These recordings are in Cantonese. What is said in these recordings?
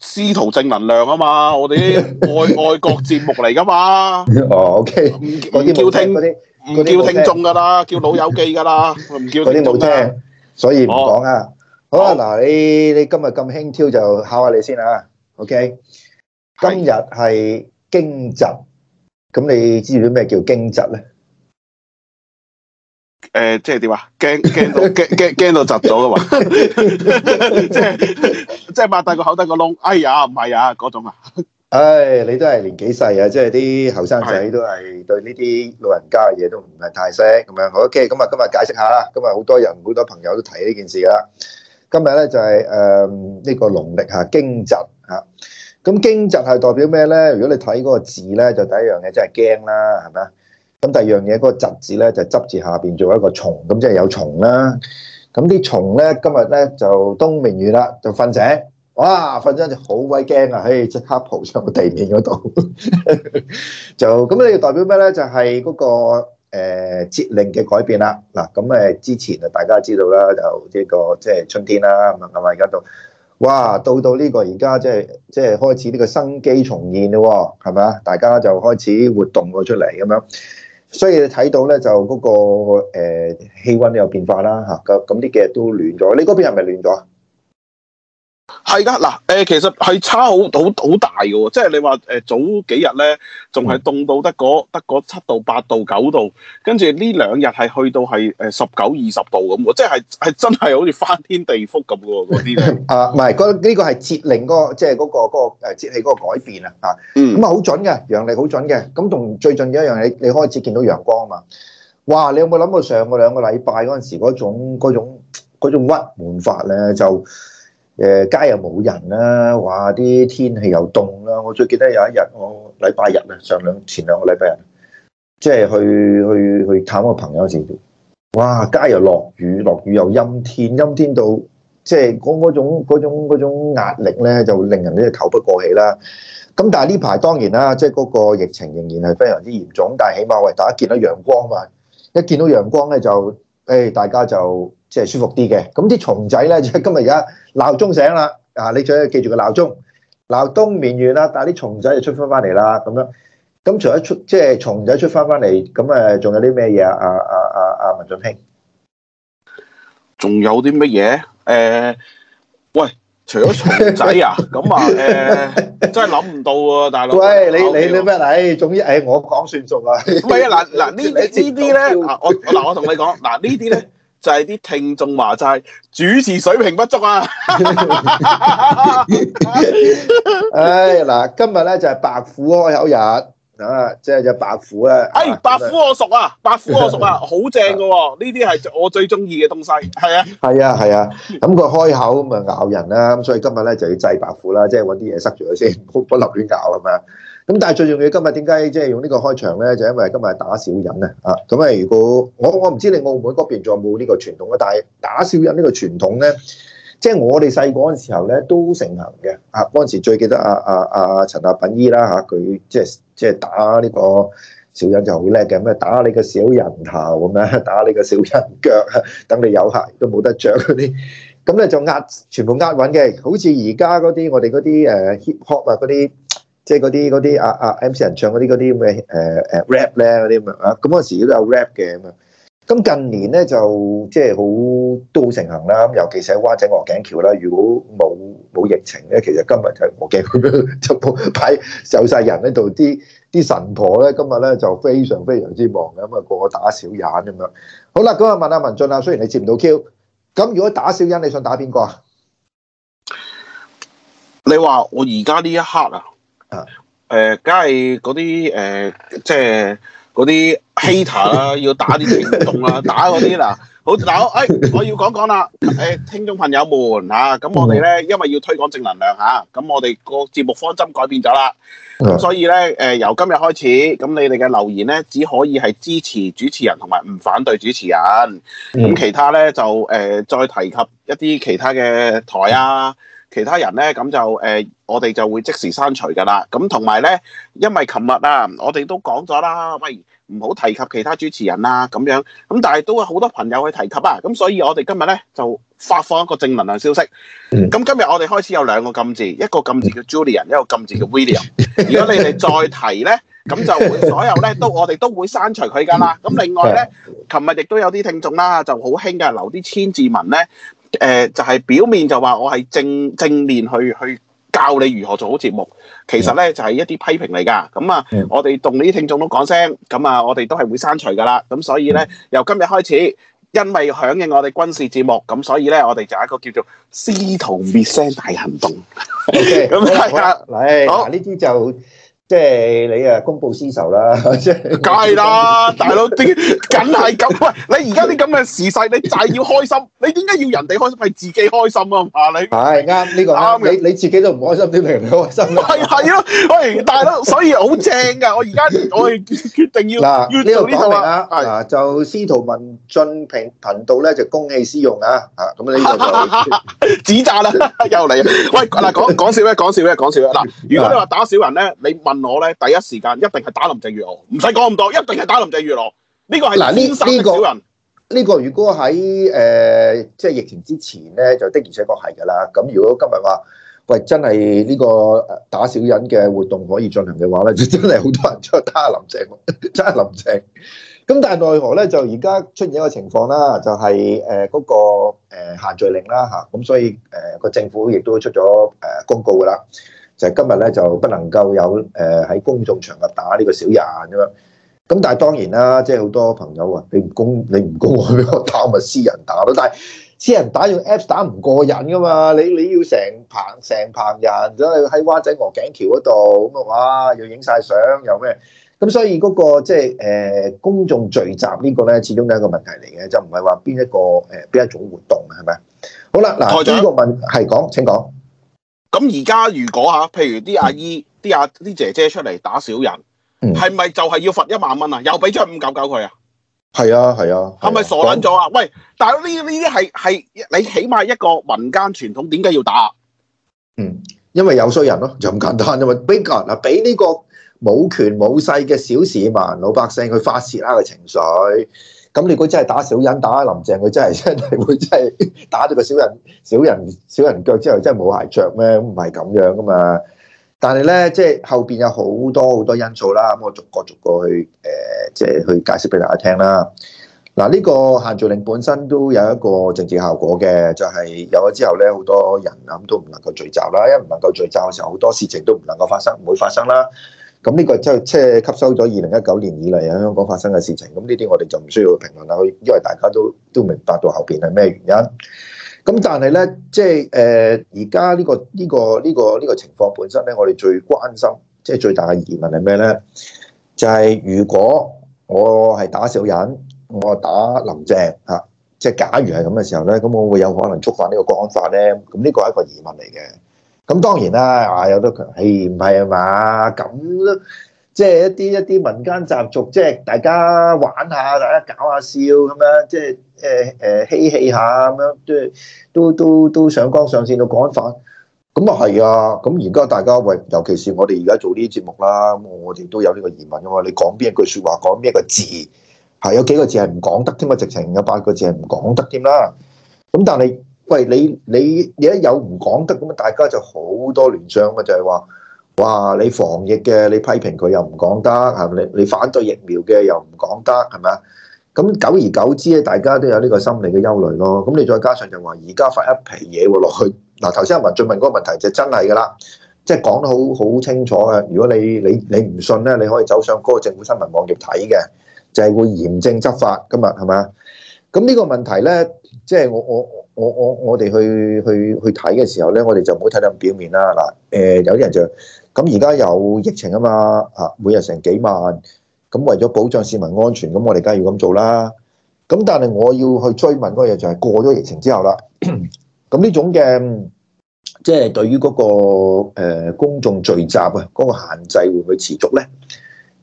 司徒正能量啊嘛，我哋啲愛愛國節目嚟噶嘛。哦，OK 不。唔叫聽啲，唔叫聽眾噶啦， 叫老友記噶啦，唔叫聽眾啦。所以唔講啊。哦、好啦，嗱，你你今日咁輕佻，就考下你先啊。OK 是。今日係驚蟄，咁你知唔知咩叫驚蟄咧？誒、呃，即係點啊？驚驚到驚驚驚到窒咗噶嘛？ 即係即係擘大口個口得個窿。哎呀，唔係啊，嗰種啊。唉、哎，你都係年紀細啊，即係啲後生仔都係對呢啲老人家嘅嘢都唔係太識咁的樣。OK，咁啊，今日解釋下啦。今日好多人好多朋友都睇呢件事啦。今日咧就係誒呢個農曆吓驚蟄吓。咁驚蟄係代表咩咧？如果你睇嗰個字咧，就第一樣嘢真係驚啦，係咪啊？咁第二樣嘢嗰、那個蟄字咧，就執住下邊做一個蟲，咁即係有蟲啦。咁啲蟲咧，今日咧就冬眠完啦，就瞓醒。哇，瞓醒就好鬼驚啊！嘿，即刻蒲上個地面嗰度， 就咁你就代表咩咧？就係嗰個誒節令嘅改變啦。嗱，咁誒之前啊，大家知道啦，就呢、這個即係、就是、春天啦，咁啊而家到哇，到到呢、這個而家即係即係開始呢個生機重現咯，係咪啊？大家就開始活動過出嚟咁樣。所以你睇到呢，就嗰、那個誒、呃、氣温都有變化啦，嚇，咁咁啲幾日都暖咗。你嗰邊係咪暖咗？係噶嗱，誒其實係差好好好大嘅喎，即係你話誒早幾日咧，仲係凍到得嗰得七度、八度、九度，跟住呢兩日係去到係誒十九、二十度咁喎，即係係真係好似翻天地覆咁喎嗰啲。啊，唔係、嗯，呢個係節令嗰即係嗰個嗰個誒節氣嗰個改變啊，嚇，咁啊好準嘅，陽曆好準嘅，咁同最近一樣，嘢，你開始見到陽光啊嘛，哇！你有冇諗過上個兩個禮拜嗰陣時嗰種鬱悶法咧就？誒街又冇人啦，哇！啲天氣又凍啦。我最記得有一日我禮拜日啊，上兩前兩個禮拜日，即係去去去探一個朋友時，哇！街又落雨，落雨又陰天，陰天到即係嗰嗰種嗰種嗰種壓力咧，就令人咧透不過氣啦。咁但係呢排當然啦，即係嗰個疫情仍然係非常之嚴重，但係起碼我哋大家見到陽光嘛，一見到陽光咧就誒大家就。即係舒服啲嘅，咁啲蟲仔咧，即係今日而家鬧鐘醒啦，啊，你最記住個鬧鐘，鬧冬眠完啦，但係啲蟲仔就出翻翻嚟啦，咁樣。咁除咗出，即係蟲仔出翻翻嚟，咁誒，仲有啲咩嘢啊？阿阿阿阿文俊卿，仲有啲乜嘢？誒，喂，除咗蟲仔啊，咁啊，誒，真係諗唔到喎，大佬。喂，你你你咩嚟？總之誒，我講算數啦。唔係啊，嗱嗱呢啲呢啲咧，嗱我嗱我同你講，嗱呢啲咧。就係啲聽眾話齋，主持水平不足啊！ 哎嗱，今日咧就係白虎開口日，就係哎、啊，即係隻白虎啊。哎，白虎我熟啊， 白虎我熟啊，好正嘅喎，呢啲係我最中意嘅東西。係啊，係 啊，係啊。咁佢、啊、開口咁啊咬人啦，咁所以今日咧就要制白虎啦，即係揾啲嘢塞住佢先，唔好唔好亂咬啊嘛。咁但係最重要，今日點解即係用呢個開場咧？就因為今日打小人啊！啊，咁啊，如果我我唔知你澳門嗰邊仲有冇呢個傳統啊？但係打小人呢個傳統咧，即係我哋細個嗰時候咧都盛行嘅。啊，嗰陣時最記得阿阿阿陳立品姨啦嚇，佢即係即係打呢個小人就好叻嘅，咁打你個小人頭咁啊，打你個小人腳啊，等你有鞋都冇得着。嗰啲。咁咧就壓全部押韻嘅，好似而家嗰啲我哋嗰啲誒 hip hop 啊嗰啲。即係嗰啲嗰啲阿阿 M C 人唱嗰啲嗰啲咁嘅誒誒 rap 咧嗰啲咁啊，咁嗰陣時都有 rap 嘅咁啊。咁近年咧就即係好都好盛行啦。咁尤其是喺灣仔鵝頸橋啦。如果冇冇疫情咧，其實今日就我見佢就派有晒人喺度，啲啲神婆咧今日咧就非常非常之忙咁啊，個個打小人咁樣。好啦，咁啊問阿文進啊，雖然你接唔到 Q，咁如果打小人，你想打邊個啊？你話我而家呢一刻啊？誒，梗係嗰啲誒，即係嗰啲 hater 啦、啊， 要打啲煽動啊，打嗰啲嗱，好嗱，哎，我要講講啦，誒，聽眾朋友們吓，咁、啊、我哋咧因為要推廣正能量吓，咁、啊、我哋個節目方針改變咗啦，咁 所以咧，誒、呃，由今日開始，咁你哋嘅留言咧只可以係支持主持人同埋唔反對主持人，咁 其他咧就誒、呃、再提及一啲其他嘅台啊。其他人咧咁就誒、呃，我哋就會即時刪除㗎啦。咁同埋咧，因為琴日啊，我哋都講咗啦，喂，唔好提及其他主持人啦、啊、咁樣。咁但係都有好多朋友去提及啊，咁所以我哋今日咧就發放一個正能量消息。咁、嗯、今日我哋開始有兩個禁字，一個禁字叫 Julian，一個禁字叫 William。 如果你哋再提咧，咁就會所有咧都我哋都會刪除佢㗎啦。咁另外咧，琴日亦都有啲聽眾啦，就好興嘅留啲千字文咧。誒、呃、就係、是、表面就話我係正正面去去教你如何做好節目，其實咧就係、是、一啲批評嚟噶。咁啊， 啊，我哋同你啲聽眾都講聲，咁啊，我哋都係會刪除噶啦。咁所以咧，由今日開始，因為響應我哋軍事節目，咁所以咧，我哋就係一個叫做司徒滅聲大行動。咁大家嚟，嗱呢啲就。即係你啊，公報私仇啦！即係，梗係啦，大佬點？梗係咁喂！你而家啲咁嘅時勢，你就係要開心。你點解要人哋開心，咪自己開心啊？唔、這個啊、你係啱呢個，你你自己都唔開心，點令人開心、啊？係係咯，喂大佬，所以好正噶！我而家我係決定要呢度講啦，嗱、啊這個啊、就司徒文進平頻道咧就公器私用啊！吓咁你指責，啦，又嚟喂嗱講講笑咩？講笑咩？講笑咩？嗱、啊，如果你話打小人咧，你問。我咧第一時間一定係打林鄭月娥，唔使講咁多，一定係打林鄭月娥。呢、這個係嗱，呢的小人。呢、這個這個如果喺誒、呃、即係疫情之前咧，就的而且確係㗎啦。咁如果今日話喂真係呢個打小人嘅活動可以進行嘅話咧，就真係好多人出去打下林鄭，真係林鄭。咁但係奈何咧，就而家出現一個情況啦，就係誒嗰個、呃、限聚令啦嚇，咁、啊、所以誒個、呃、政府亦都出咗誒、呃、公告㗎啦。其實今日咧就不能夠有誒喺公眾場合打呢個小人咁樣，咁但係當然啦，即係好多朋友啊，你唔公你唔公我打咪私人打咯，但係私人打用 Apps 打唔過癮噶嘛，你你要成棚成棚人真係喺灣仔鵝頸橋嗰度咁嘅話，啊、要又影晒相又咩？咁所以嗰個即係誒公眾聚集個呢個咧，始終都係一個問題嚟嘅，就唔係話邊一個誒邊一種活動係咪？好啦，嗱，呢個問題係講，請講。咁而家如果吓，譬如啲阿姨、啲阿、啲姐姐出嚟打小人，係咪、嗯、就係要罰一萬蚊啊？又俾張五九九佢啊？係啊，係啊。係咪傻撚咗啊？是是嗯、喂，但係呢？呢啲係係你起碼一個民間傳統，點解要打？嗯，因為有衰人咯，就咁簡單啫嘛。俾個人啊，俾呢個冇權冇勢嘅小市民、老百姓去發泄啦個情緒。咁你如果真係打小人，打林鄭，佢真係真係會真係打咗個小人、小人、小人腳之後真，真係冇鞋着咩？唔係咁樣噶嘛。但係咧，即係後邊有好多好多因素啦。咁我逐個逐個去誒，即、呃、係去解釋俾大家聽啦。嗱、啊，呢、呢個限聚令本身都有一個政治效果嘅，就係、是、有咗之後咧，好多人咁都唔能夠聚集啦。因一唔能夠聚集嘅時候，好多事情都唔能夠發生，唔會發生啦。咁呢個即係即係吸收咗二零一九年以嚟喺香港發生嘅事情，咁呢啲我哋就唔需要評論啦，因為大家都都明白到後邊係咩原因。咁但係咧，即係誒而家呢個呢個呢個呢個情況本身咧，我哋最關心，即係最大嘅疑問係咩咧？就係如果我係打小人，我打林鄭嚇，即係假如係咁嘅時候咧，咁我會有可能觸犯呢個《國安法》咧，咁呢個係一個疑問嚟嘅。咁當然啦，話有得強，係唔係啊嘛？咁即係一啲一啲民間習俗，即係大家玩下，大家搞下笑咁樣，即係誒誒嬉戲下咁樣，即係都都都都上綱上線到講法。咁啊係啊，咁而家大家喂，尤其是我哋而家做呢啲節目啦，我哋都有呢個疑問㗎嘛？你講邊一句説話，講邊一個字，係有幾個字係唔講得添啊？直情有八個字係唔講得添啦。咁但係。喂你你你一有唔講得咁啊，大家就好多聯想啊，就係話哇你防疫嘅，你批評佢又唔講得，係咪你你反對疫苗嘅又唔講得，係咪啊？咁久而久之咧，大家都有呢個心理嘅憂慮咯。咁你再加上就話而家發一批嘢會落去嗱，頭先阿文俊問嗰個問題就真係噶啦，即係講得好好清楚嘅。如果你你你唔信咧，你可以走上嗰個政府新聞網頁睇嘅，就係會嚴正執法噶嘛，係咪？咁呢個問題咧，即係我我。我我我我哋去去去睇嘅時候咧，我哋就唔好睇咁表面啦。嗱、呃，誒有啲人就咁而家有疫情啊嘛，啊每日成幾萬，咁為咗保障市民安全，咁我哋梗係要咁做啦。咁但係我要去追問嗰個嘢就係過咗疫情之後啦，咁呢種嘅即係對於嗰個、呃、公眾聚集啊，嗰個限制會唔會持續咧？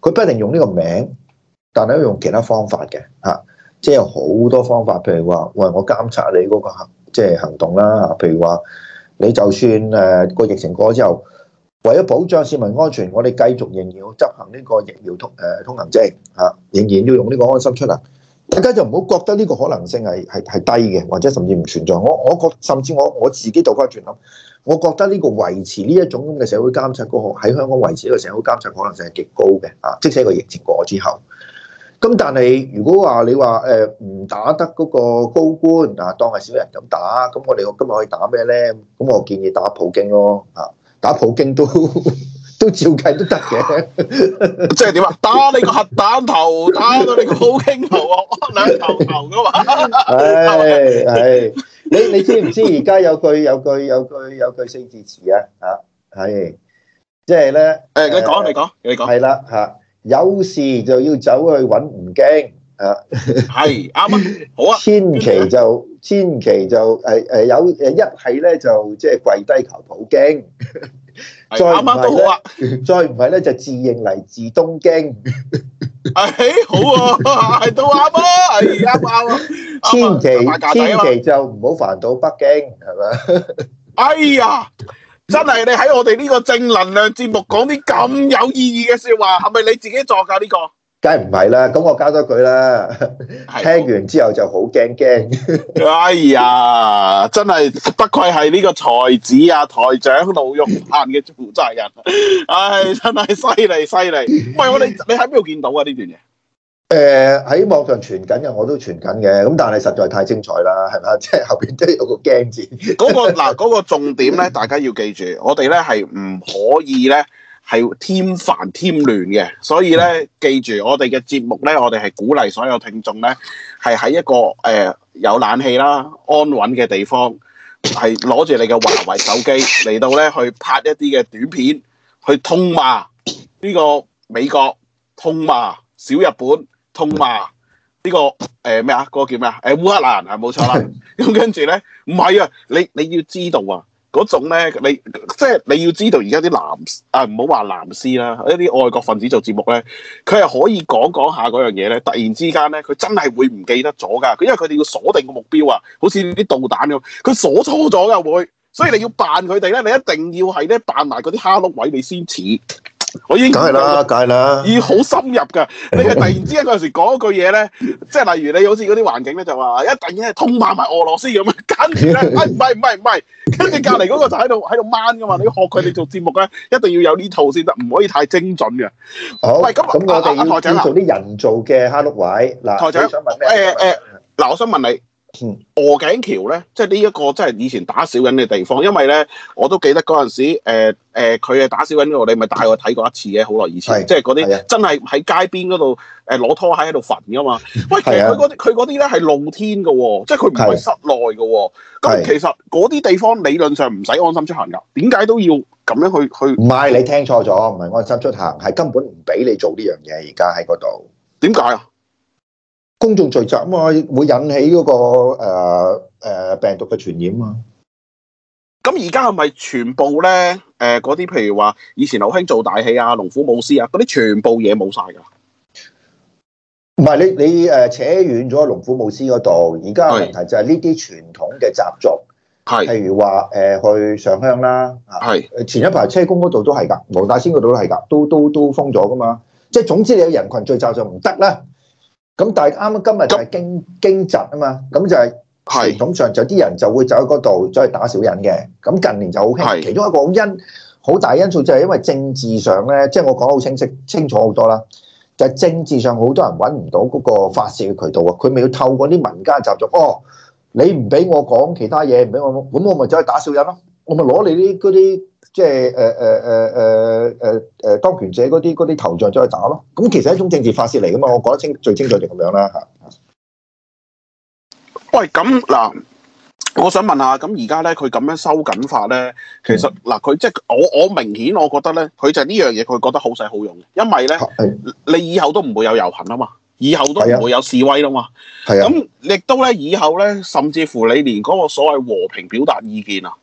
佢不一定用呢個名，但係用其他方法嘅嚇。啊。即係好多方法，譬如話，喂，我監察你嗰個行即係行動啦。譬如話，你就算誒個疫情過咗之後，為咗保障市民安全，我哋繼續仍然要執行呢個疫苗通誒通行證嚇，仍然要用呢個安心出嚟。大家就唔好覺得呢個可能性係係係低嘅，或者甚至唔存在。我我覺，甚至我我自己倒翻轉諗，我覺得呢個維持呢一種咁嘅社會監測個喺香港維持呢個社會監測可能性係極高嘅啊！即使個疫情過咗之後。咁但係如果話你話，誒唔打得嗰個高官嗱，當係小人咁打，咁我哋我今日可以打咩咧？咁我建議打普京咯，吓，打普京都都照計都得嘅，即係點啊？打你個核彈頭，打到你個普京頭兩頭頭噶嘛？係係，你你知唔知而家有句有句有句有句四字詞啊？吓係，即係咧誒，你講你講你講係啦吓。有事就要走去揾吳京啊，係啱啊，好啊，千祈就千祈就誒誒有誒一係咧就即係跪低求普京，啱啱都好啊， 再唔係咧就自認嚟自東京，哎好啊，係到啱啊，係啱啊，千祈千祈就唔好煩到北京，係咪？哎呀！真係，你喺我哋呢個正能量節目講啲咁有意義嘅說話，係咪你自己作噶呢個？梗係唔係啦，咁我加多句啦。 聽完之後就好驚驚。 哎呀，真係不愧係呢個才子啊，台長老肉硬嘅負責人，唉、 哎，真係犀利犀利。喂，我哋，你喺邊度見到啊？呢段嘢？誒，喺、呃、網上傳緊嘅，我都傳緊嘅，咁但係實在太精彩啦，係咪？即 係後邊都有個鏡字、 那個。嗰個嗱，嗰個重點咧，大家要記住，我哋咧係唔可以咧係添煩添亂嘅，所以咧記住，我哋嘅節目咧，我哋係鼓勵所有聽眾咧係喺一個誒有冷氣啦安穩嘅地方，係攞住你嘅華為手機嚟到咧去拍一啲嘅短片，去痛罵呢個美國，痛罵小日本。痛呢、這個誒咩啊？嗰、呃那個叫咩啊？誒、呃、烏克蘭啊，冇錯啦。咁 跟住咧，唔係啊，你你要知道啊，嗰種咧，你即係你要知道，而家啲男啊唔好話男士啦，一啲外國分子做節目咧，佢係可以講講下嗰樣嘢咧。突然之間咧，佢真係會唔記得咗㗎。佢因為佢哋要鎖定個目標啊，好似啲導彈咁，佢鎖粗咗㗎會。所以你要扮佢哋咧，你一定要係咧扮埋嗰啲蝦碌位，你先似。我已經梗係啦，梗係啦，要好深入噶。你係突然之間嗰陣時講一句嘢咧，即係 例如你好似嗰啲環境咧，就話一突然間通馬埋俄羅斯咁樣，跟住咧，唔係唔係唔係，跟住隔離嗰個就喺度喺度掹噶嘛。 你學佢哋做節目咧，一定要有呢套先得，唔可以太精準嘅。好，咁咁那我哋台要做啲人造嘅蝦碌位嗱。台長，誒、呃、誒，嗱、呃，我想問你，呃呃呃嗯、鵝頸橋咧，即係呢一個，即係以前打小人嘅地方。因為咧，我都記得嗰陣時，誒、呃、誒，佢、呃、係打小人嗰度，你咪帶我睇過一次嘅，好耐以前，是即係嗰啲真係喺街邊嗰度，誒、呃，攞拖鞋喺度焚噶嘛。喂，其實佢嗰啲，佢嗰啲咧係露天噶、哦，即係佢唔係室內噶、哦。咁是其實嗰啲地方理論上唔使安心出行噶，點解都要咁樣去去？唔係你聽錯咗，唔係安心出行，係根本唔俾你做呢樣嘢。而家喺嗰度，點解啊？公眾聚集啊嘛，會引起嗰、那個誒誒、呃呃、病毒嘅傳染啊嘛。咁而家係咪全部咧？誒、呃，嗰啲譬如話以前流行做大戲啊、龍虎舞獅啊，嗰啲全部嘢冇晒噶。唔係你你誒、呃、扯遠咗龍虎舞獅嗰度，而家嘅問題就係呢啲傳統嘅習俗，係譬是如話誒、呃、去上香啦，係是前一排車公嗰度都係噶，黃大仙嗰度都係噶，都都都，都封咗噶嘛。即係總之你有人群聚集就唔得啦。咁但係啱啱今日就係驚驚蟄啊嘛，咁就係傳統上就啲人就會走喺嗰度走去打小人嘅，咁近年就好興，其中一個因好大因素就係因為政治上咧，即係我講得好清晰清楚好多啦，就係政治上好多人揾唔到嗰個發泄嘅渠道啊，佢咪要透過啲民間習俗哦，你唔俾我講其他嘢，唔俾我，咁我咪走去打小人咯，我咪攞你啲啲。即係誒誒誒誒誒誒，當權者嗰啲嗰啲頭像走去打咯。咁其實係一種政治發泄嚟噶嘛，我覺得清最清楚就咁樣啦吓。喂，咁嗱，我想問下，咁而家咧佢咁樣收緊法咧，其實嗱佢即係我我明顯，我覺得咧，佢就係呢樣嘢，佢覺得好使好用，因為咧，的你以後都唔會有遊行啊嘛，以後都唔會有示威啦嘛，咁亦都咧以後咧，甚至乎你連嗰個所謂和平表達意見啊。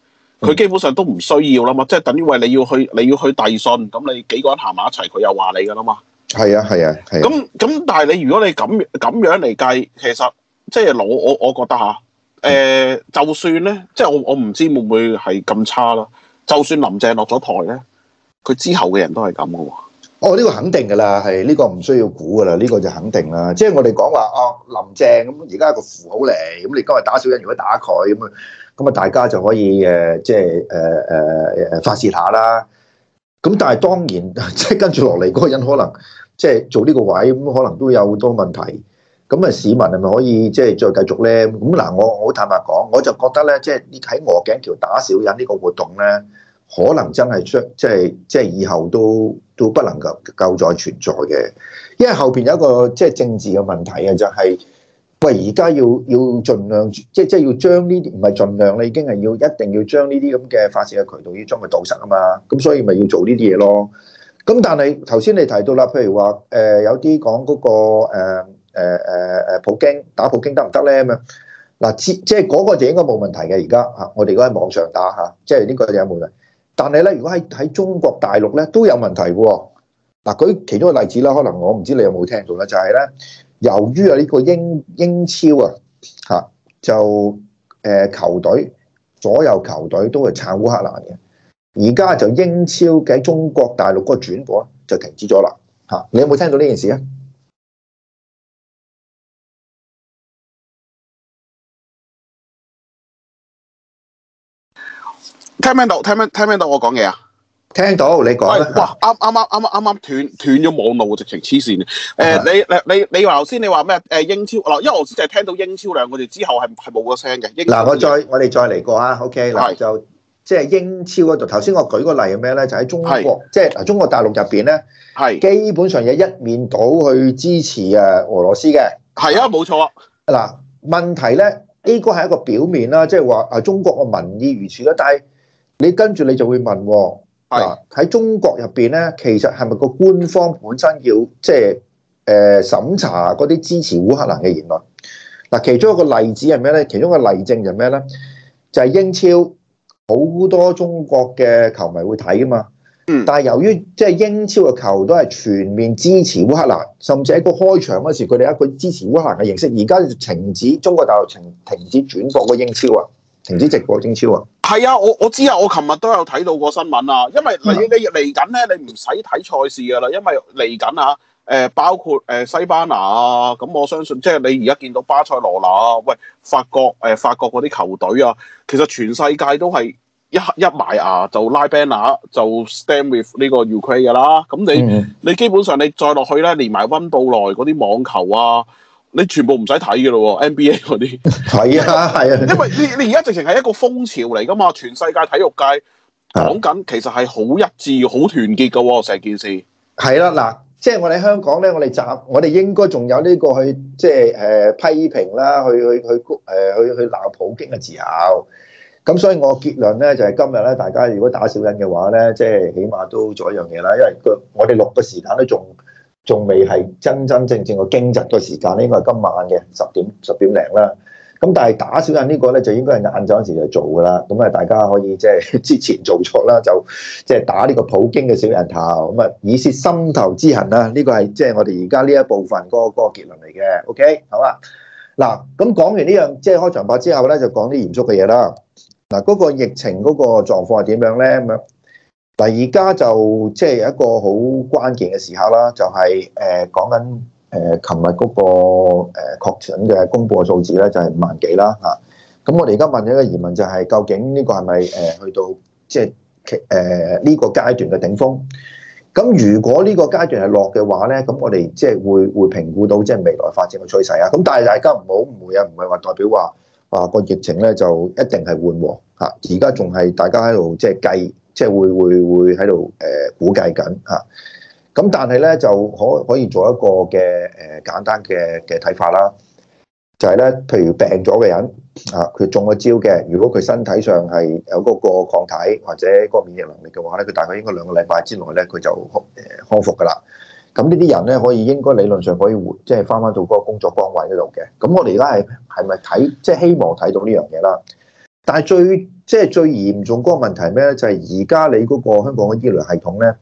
佢、嗯、基本上都唔需要啦嘛，即係等於話你要去你要去遞信，咁你幾個人行埋一齊，佢又話你噶啦嘛。係啊係啊係啊，咁咁、啊啊、但係你如果你咁咁樣嚟計，其實即係、就是、我我我覺得嚇，誒、呃、就算咧，即係我我唔知會唔會係咁差啦。就算林鄭落咗台咧，佢之後嘅人都係咁嘅喎。哦，呢、這個肯定嘅啦，係呢、這個唔需要估嘅啦，呢、這個就肯定啦。即係我哋講話啊，林鄭咁而家係個符號嚟，咁你今日打小人打，如果打佢咁啊。咁啊，大家就可以誒，即係誒誒誒發洩下啦。咁但係當然，即 係跟住落嚟嗰個人可能即係做呢個位，咁可能都有好多問題。咁啊，市民係咪可以即係再繼續咧？咁嗱，我我坦白講，我就覺得咧，即係喺鵝頸橋打小人呢個活動咧，可能真係出即係即係以後都都不能夠夠再存在嘅，因為後邊有一個即係政治嘅問題啊，就係、是。喂，而家要要儘量，即係即係要將呢啲唔係儘量，你已經係要一定要將呢啲咁嘅發泄嘅渠道要將佢堵塞啊嘛，咁所以咪要做呢啲嘢咯。咁但係頭先你提到啦，譬如話誒、呃、有啲講嗰個誒誒誒普京打普京得唔得咧？咪嗱，即即嗰個就應該冇問題嘅。而家啊，我哋如果喺網上打嚇，即係呢個有冇問題。但係咧，如果喺喺中國大陸咧都有問題嘅喎。嗱，舉其中一個例子啦，可能我唔知你有冇聽到咧，就係咧。由於啊呢個英英超啊嚇就誒、呃、球隊左右球隊都係撐烏克蘭嘅，而家就英超嘅中國大陸嗰個轉播就停止咗啦嚇、啊，你有冇聽到呢件事啊？聽唔聽到？聽唔聽唔聽到我講嘢啊？聽到你講，哇，啱啱啱啱啱啱斷斷咗網絡，直情黐線誒，你你你話頭先你話咩？誒、啊，英超，嗱，因為我只係聽到英超兩個字之後係係冇個聲嘅。嗱，我再我哋再嚟過啊。OK，嗱是 就即係、就是、英超嗰度。頭先我舉個例係咩咧？就喺、是、中國，即係是 中國大陸入邊咧，係是 基本上有一面倒去支持誒俄羅斯嘅。係啊，冇沒錯啊。嗱，問題咧，呢個係一個表面啦，即係話啊，中國個民意如此啦。但係你跟住你就會問。係喺中國入邊咧，其實係咪個官方本身要即係誒審查嗰啲支持烏克蘭嘅言論？嗱，其中一個例子係咩咧？其中一個例證就咩咧？就係英超好多中國嘅球迷會睇啊嘛。但係由於即係英超嘅球都係全面支持烏克蘭，甚至喺個開場嗰時佢哋一個支持烏克蘭嘅形式，而家停止中國大陸情，停止轉播個英超啊，停止直播英超啊。係啊，我我知啊，我琴日都有睇到過新聞啊，因為你你嚟緊咧，你唔使睇賽事噶啦，因為嚟緊啊，誒、呃、包括誒、呃、西班牙啊，咁我相信即係你而家見到巴塞羅那啊，喂法國誒、呃、法國嗰啲球隊啊，其實全世界都係一一埋牙就拉 banner 就 stand with 呢個 Ukraine 噶啦，咁你、嗯、你基本上你再落去咧，連埋溫布內嗰啲網球啊。你全部唔使睇嘅咯喎，NBA 嗰啲係啊，係啊，因為你你而家直情係一個風潮嚟噶嘛，全世界體育界講緊其實係好一致、好 團結噶喎，成件事係啦，嗱，即係我哋香港咧，我哋集，我哋應該仲有呢個去即係誒、呃、批評啦，去去、呃、去誒去去鬧普京嘅自由。咁所以我結論咧就係、是、今日咧，大家如果打小人嘅話咧，即係起碼都做一樣嘢啦，因為個我哋六個時間都仲。仲未係真真正正嘅經濟個時間咧，應該係今晚嘅十點十點零啦。咁但係打小人呢個咧，就應該係晏晝嗰時就做㗎啦。咁啊，大家可以即係之前做錯啦，就即係打呢個普京嘅小人頭。咁啊，以泄心頭之恨啦。呢個係即係我哋而家呢一部分個個結論嚟嘅。OK，好啊。嗱，咁講完呢樣，即係開場白之後咧，就講啲嚴肅嘅嘢啦。嗱，嗰個疫情嗰個狀況係點樣咧？咁樣。嗱，而家就即係一個好關鍵嘅時刻啦，就係誒講緊誒，琴日嗰個誒確診嘅公布嘅數字咧，就係五萬幾啦吓。咁我哋而家問咗一個疑問，就係究竟呢個係咪誒去到即係誒呢個階段嘅頂峰？咁如果呢個階段係落嘅話咧，咁我哋即係會會評估到即係未來發展嘅趨勢啊。咁但係大家唔好誤會啊，唔係話代表話啊個疫情咧就一定係緩和吓，而家仲係大家喺度即係計。即係會會會喺度誒估計緊啊！咁但係咧就可可以做一個嘅誒簡單嘅嘅睇法啦，就係咧，譬如病咗嘅人啊，佢中咗招嘅，如果佢身體上係有嗰個抗體或者個免疫能力嘅話咧，佢大概應該兩個禮拜之內咧佢就誒康復㗎啦。咁呢啲人咧可以應該理論上可以即係翻翻到嗰個工作崗位嗰度嘅。咁我哋而家係係咪睇即係希望睇到呢樣嘢啦？但係最即係最嚴重嗰個問題咩？就係而家你嗰個香港嘅醫療系統咧，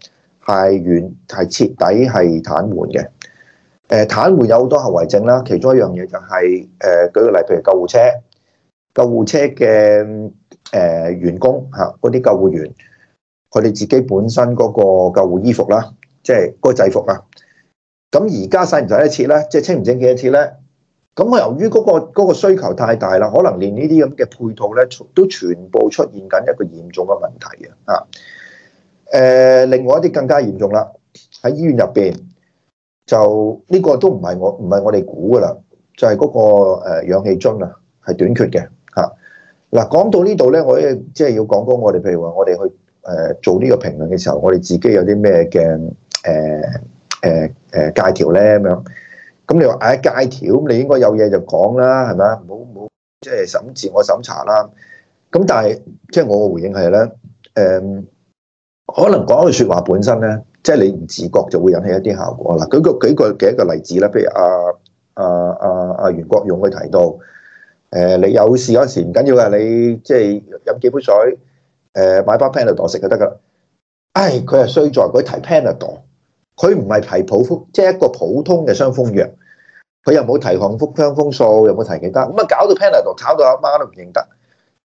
太遠，係徹底係癱瘓嘅。誒，癱瘓有好多後遺症啦。其中一樣嘢就係誒，舉個例，例，譬如救護車，救護車嘅誒員工嚇，嗰啲救護員，佢哋自己本身嗰個救護衣服啦，即係嗰個制服啦。咁而家使唔使一次咧？即係清唔清幾多次咧？咁由於嗰個需求太大啦，可能連呢啲咁嘅配套咧，都全部出現緊一個嚴重嘅問題啊！誒，另外一啲更加嚴重啦，喺醫院入邊就呢個都唔係我唔係我哋估噶啦，就係嗰個氧氣樽啊，係短缺嘅嚇。嗱，講到呢度咧，我即係要講講我哋，譬如話我哋去誒做呢個評論嘅時候，我哋自己有啲咩嘅誒誒誒介條咧咁樣。咁你話嗌戒條，咁你應該有嘢就講啦，係咪啊？唔好唔好，即係審自我審查啦。咁但係即係我嘅回應係咧，誒、嗯、可能講句説話本身咧，即、就、係、是、你唔自覺就會引起一啲效果啦。舉個舉個嘅一個例子啦，譬如阿阿阿阿袁國勇佢提到，誒、呃、你有事嗰時唔緊要嘅，你即係飲幾杯水，誒、呃、買包 panadol 食就得㗎啦。唉，佢係衰在佢提 panadol。佢唔係提普福，即係一個普通嘅傷風藥。佢又冇提幸福傷風素，又冇提其他。咁啊，搞到 Panadol 炒到阿媽都唔認得。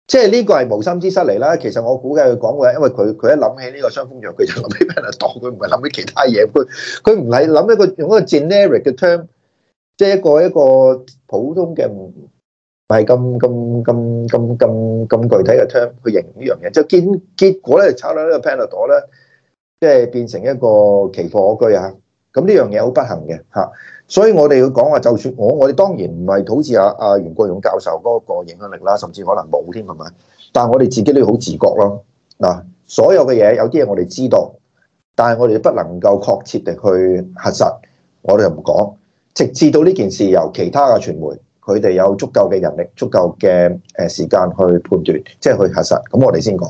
即係呢個係無心之失嚟啦。其實我估計佢講嘅，因為佢佢一諗起呢個傷風藥，佢就諗起 Panadol，佢唔係諗起其他嘢。佢佢唔係諗一個用一個 generic 嘅 term，即係一個一個普通嘅唔係咁咁咁咁咁咁具體嘅 term 去形容呢樣嘢。就見結果咧，炒到呢個 Panadol 咧。即係變成一個奇貨可居啊，咁呢樣嘢好不幸嘅嚇、啊，所以我哋要講話，就算我我哋當然唔係好似阿阿袁國勇教授嗰個影響力啦，甚至可能冇添係咪？但係我哋自己都要好自覺咯、啊、嗱、啊，所有嘅嘢有啲嘢我哋知道，但係我哋不能夠確切地去核實，我哋就唔講，直至到呢件事由其他嘅傳媒，佢哋有足夠嘅人力、足夠嘅誒時間去判斷，即、就、係、是、去核實，咁我哋先講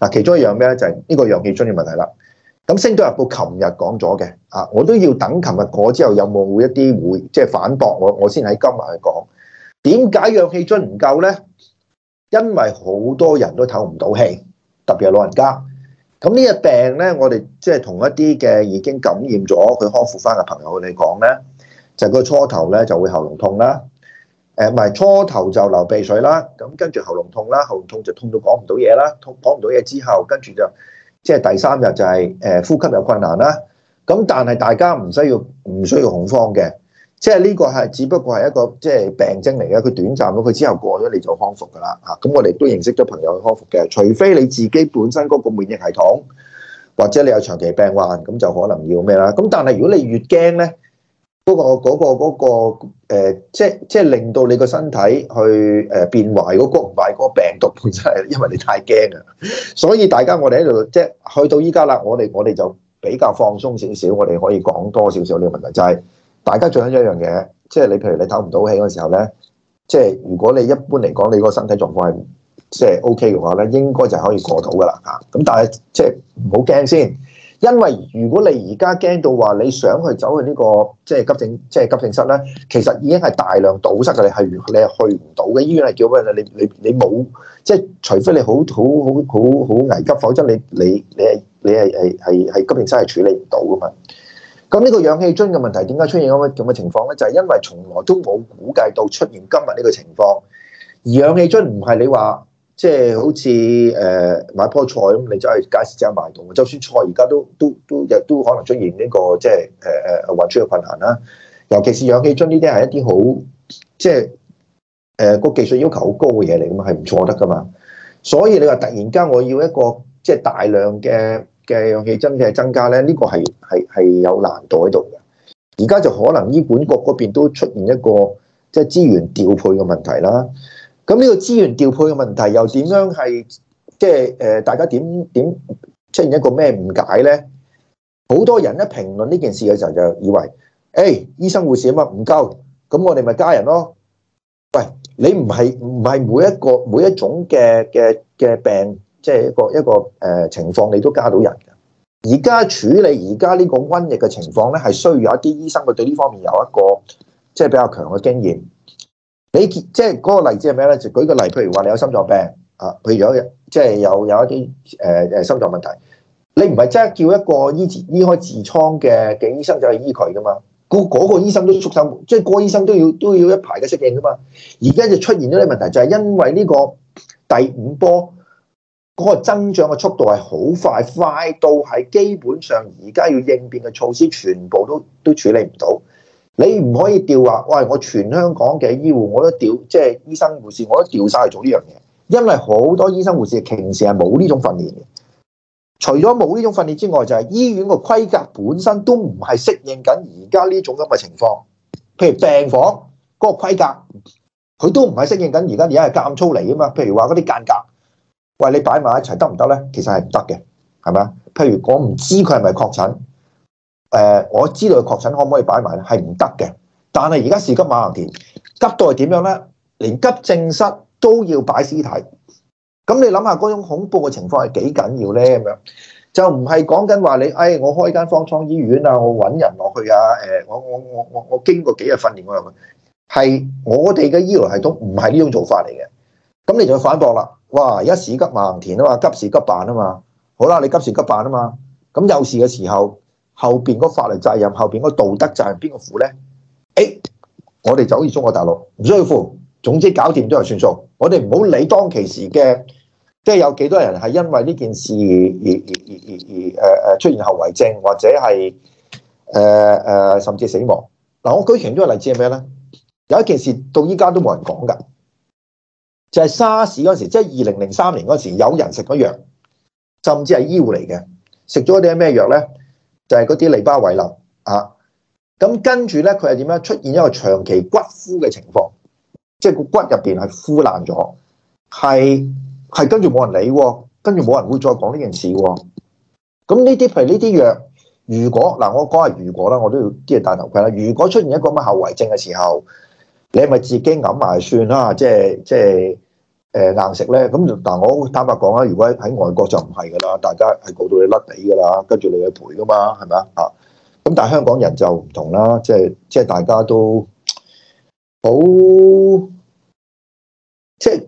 嗱、啊。其中一樣咩咧？就係呢個楊潔春嘅問題啦。咁升咗入部，琴日講咗嘅，啊，我都要等琴日過之後，有冇會一啲會即係反駁我，我先喺今日去講點解氧氣樽唔夠咧？因為好多人都唞唔到氣，特別係老人家。咁呢個病咧，我哋即係同一啲嘅已經感染咗佢康復翻嘅朋友去講咧，就係、個初頭咧就會喉嚨痛啦，誒唔係初頭就流鼻水啦，咁跟住喉嚨痛啦，喉嚨痛就痛到講唔到嘢啦，痛講唔到嘢之後，跟住就。即係第三日就係誒呼吸有困難啦，啊，咁但係大家唔需要唔需要恐慌嘅，即係呢個係只不過係一個即係病症嚟嘅，佢短暫咗，佢之後過咗你就康復㗎啦嚇。咁我哋都認識咗朋友去康復嘅，除非你自己本身嗰個免疫系統或者你有長期病患，咁就可能要咩啦。咁但係如果你越驚呢。嗰個嗰個個誒，即係即係令到你個身體去誒變壞，嗰個唔係個病毒本身係，因為你太驚啊！所以大家我哋喺度即係去到依家啦，我哋我哋就比較放鬆少少，我哋可以講多少少呢個問題，就係大家做緊一樣嘢，即係你譬如你唞唔到氣嘅時候咧，即係如果你一般嚟講你個身體狀況係即係 OK 嘅話咧，應該就可以過到噶啦吓。咁但係即係唔好驚先。因為如果你而家驚到話你想去走去呢個即係急症即係、就是、急症室咧，其實已經係大量堵塞嘅，你係你係去唔到嘅。醫院係叫咩？你你你冇即係除非你好好好好好危急，否則你你你係你係係係係急症室係處理唔到㗎嘛。咁呢個氧氣樽嘅問題點解出現咁嘅情況咧？就係、是、因為從來都冇估計到出現今日呢個情況，而氧氣樽唔係你話。即係好似誒買棵菜咁，你走去街市即刻買到。就算菜而家都都都亦都可能出現呢、這個即係誒誒運出嘅困難啦。尤其是氧氣樽呢啲係一啲好即係誒個技術要求好高嘅嘢嚟㗎嘛，係唔錯得㗎嘛。所以你話突然間我要一個即係、就是、大量嘅嘅氧氣樽嘅增加咧，呢、這個係係係有難度喺度嘅。而家就可能醫管局嗰邊都出現一個即係、就是、資源調配嘅問題啦。咁呢個資源調配嘅問題又點樣係即係誒？大家點點出現一個咩誤解咧？好多人一評論呢件事嘅時候就以為，誒、欸、醫生護士啊，唔夠，咁我哋咪加人咯。喂，你唔係唔係每一個每一種嘅嘅嘅病，即、就、係、是、一個一個誒情況，你都加到人嘅。而家處理而家呢個瘟疫嘅情況咧，係需要有一啲醫生佢對呢方面有一個即係、就是、比較強嘅經驗。你即係嗰個例子係咩咧？就舉個例，譬如話你有心臟病啊，譬如有即係、就是、有有一啲誒誒心臟問題，你唔係即係叫一個醫治醫開痔瘡嘅嘅醫生就係醫佢噶嘛？嗰、那、嗰、個就是、個醫生都要束手，即係個醫生都要都要一排嘅適應噶嘛？而家就出現咗啲問題，就係、是、因為呢個第五波嗰、那個增長嘅速度係好快，快到係基本上而家要應變嘅措施全部都都處理唔到。你唔可以調話，喂！我全香港嘅醫護我都調，即係醫生護士我都調晒去做呢樣嘢，因為好多醫生護士平時係冇呢種訓練嘅。除咗冇呢種訓練之外，就係醫院個規格本身都唔係適應緊而家呢種咁嘅情況。譬如病房嗰個規格，佢都唔係適應緊而家而家係監粗嚟啊嘛。譬如話嗰啲間隔，喂，你擺埋一齊得唔得咧？其實係唔得嘅，係咪啊？譬如講唔知佢係咪確診？誒，我知道佢確診可唔可以擺埋咧？係唔得嘅。但係而家事急馬行田，急到係點樣咧？連急症室都要擺屍體。咁你諗下嗰種恐怖嘅情況係幾緊要咧？咁樣就唔係講緊話你，誒、哎、我開間方艙醫院啊，我揾人落去啊，誒我我我我我經過幾日訓練我又係我哋嘅醫療系統唔係呢種做法嚟嘅。咁你就反駁啦，哇！而家事急馬行田啊嘛，急事急辦啊嘛。好啦，你急事急辦啊嘛。咁有事嘅時候。後邊嗰法律責任，後邊嗰道德責任，邊個負咧？誒，我哋就好似中國大陸唔需要負。總之搞掂都係算數。我哋唔好理當其時嘅，即係有幾多人係因為呢件事而而而而而而誒誒出現後遺症，或者係誒誒甚至死亡嗱。我舉其中一個例子係咩咧？有一件事到依家都冇人講㗎，就係沙士嗰陣時，即係二零零三年嗰陣時，有人食咗藥，甚至係醫護嚟嘅食咗啲咩藥咧？就係嗰啲淋巴萎爛啊，咁跟住咧，佢係點樣出現一個長期骨枯嘅情況，即係個骨入邊係腐爛咗，係係跟住冇人理，跟住冇人會再講呢件事喎。咁呢啲譬如呢啲藥，如果嗱，啊，我講下，如果啦，我都要啲人戴頭盔啦。如果出現一個咁嘅後遺症嘅時候，你咪自己揞埋算啦，啊，即係即係。誒硬食咧，咁但係我坦白講啦，如果喺喺外國就唔係噶啦，大家係告到你甩你噶啦，跟住你去賠噶嘛，係咪啊？啊，咁但係香港人就唔同啦，即係即係大家都好，即係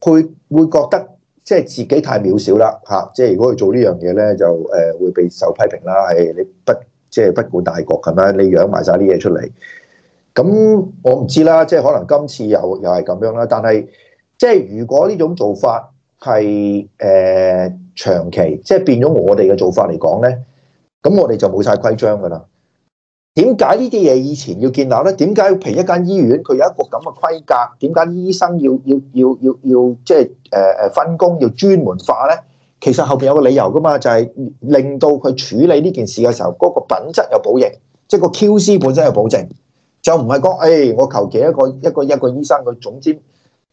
會會覺得即係自己太渺小啦嚇，即係如果去做呢樣嘢咧，就誒會被受批評啦，係你不即係不管大局咁樣，你養埋曬啲嘢出嚟，咁我唔知啦，即係可能今次又又係咁樣啦，但係。即係如果呢種做法係誒、呃、長期，即係變咗我哋嘅做法嚟講咧，咁我哋就冇晒規章噶啦。點解呢啲嘢以前要建立咧？點解譬如一間醫院佢有一個咁嘅規格？點解醫生要要要要要即係誒誒分工要專門化咧？其實後邊有個理由噶嘛，就係、是、令到佢處理呢件事嘅時候，嗰、那個品質有保證，即係個 QC 本身有保證，就唔係講誒我求其一個一個一個，一個醫生佢總之……」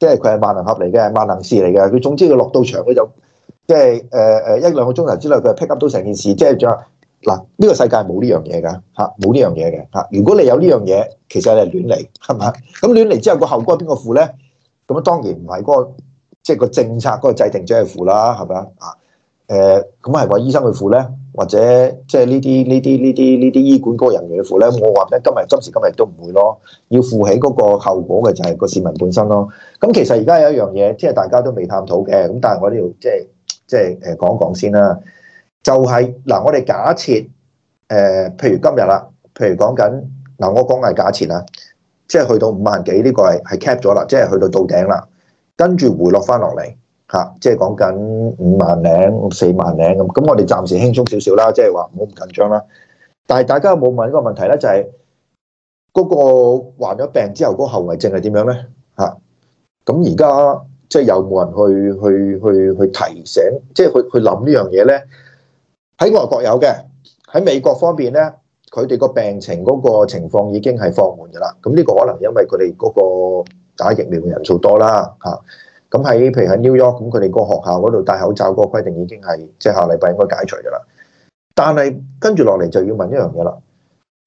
即係佢係萬能俠嚟嘅，萬能事嚟嘅。佢總之佢落到場，佢就即係誒誒一兩個鐘頭之內，佢就 pick up 到成件事。即係仲嗱呢個世界冇呢樣嘢噶吓，冇呢樣嘢嘅吓。如果你有呢樣嘢，其實你係亂嚟，係咪？咁亂嚟之後個後果係邊個負咧？咁啊，當然唔係嗰個即係個政策嗰、嗰個制定者係負啦，係咪啊？誒咁係話醫生去付咧，或者即係呢啲呢啲呢啲呢啲醫管嗰個人員去付咧，我話咧，今日今時今日都唔會咯，要負起嗰個後果嘅就係個市民本身咯。咁、嗯、其實而家有一樣嘢，即係大家都未探討嘅，咁但係我呢度即係即係誒講一講先啦。就係、是、嗱，我哋假設誒、呃，譬如今日啦，譬如講緊嗱，我講係假設啊，即係去到五萬幾呢、這個係係 cap 咗啦，即係去到到頂啦，跟住回落翻落嚟。嚇，即係講緊五萬零、四萬零咁，咁我哋暫時輕鬆少少啦，即係話唔好咁緊張啦。但係大家有冇問呢個問題咧？就係嗰個患咗病之後嗰個後遺症係點樣咧？嚇，咁而家即係有冇人去去去去提醒，即係去去諗呢樣嘢咧？喺外國有嘅，喺美國方面咧，佢哋個病情嗰個情況已經係放緩㗎啦。咁呢個可能因為佢哋嗰個打疫苗嘅人數多啦，嚇。咁喺譬如喺 New York，咁佢哋個學校嗰度戴口罩個規定已經係即係下禮拜應該解除噶啦。但係跟住落嚟就要問一樣嘢啦，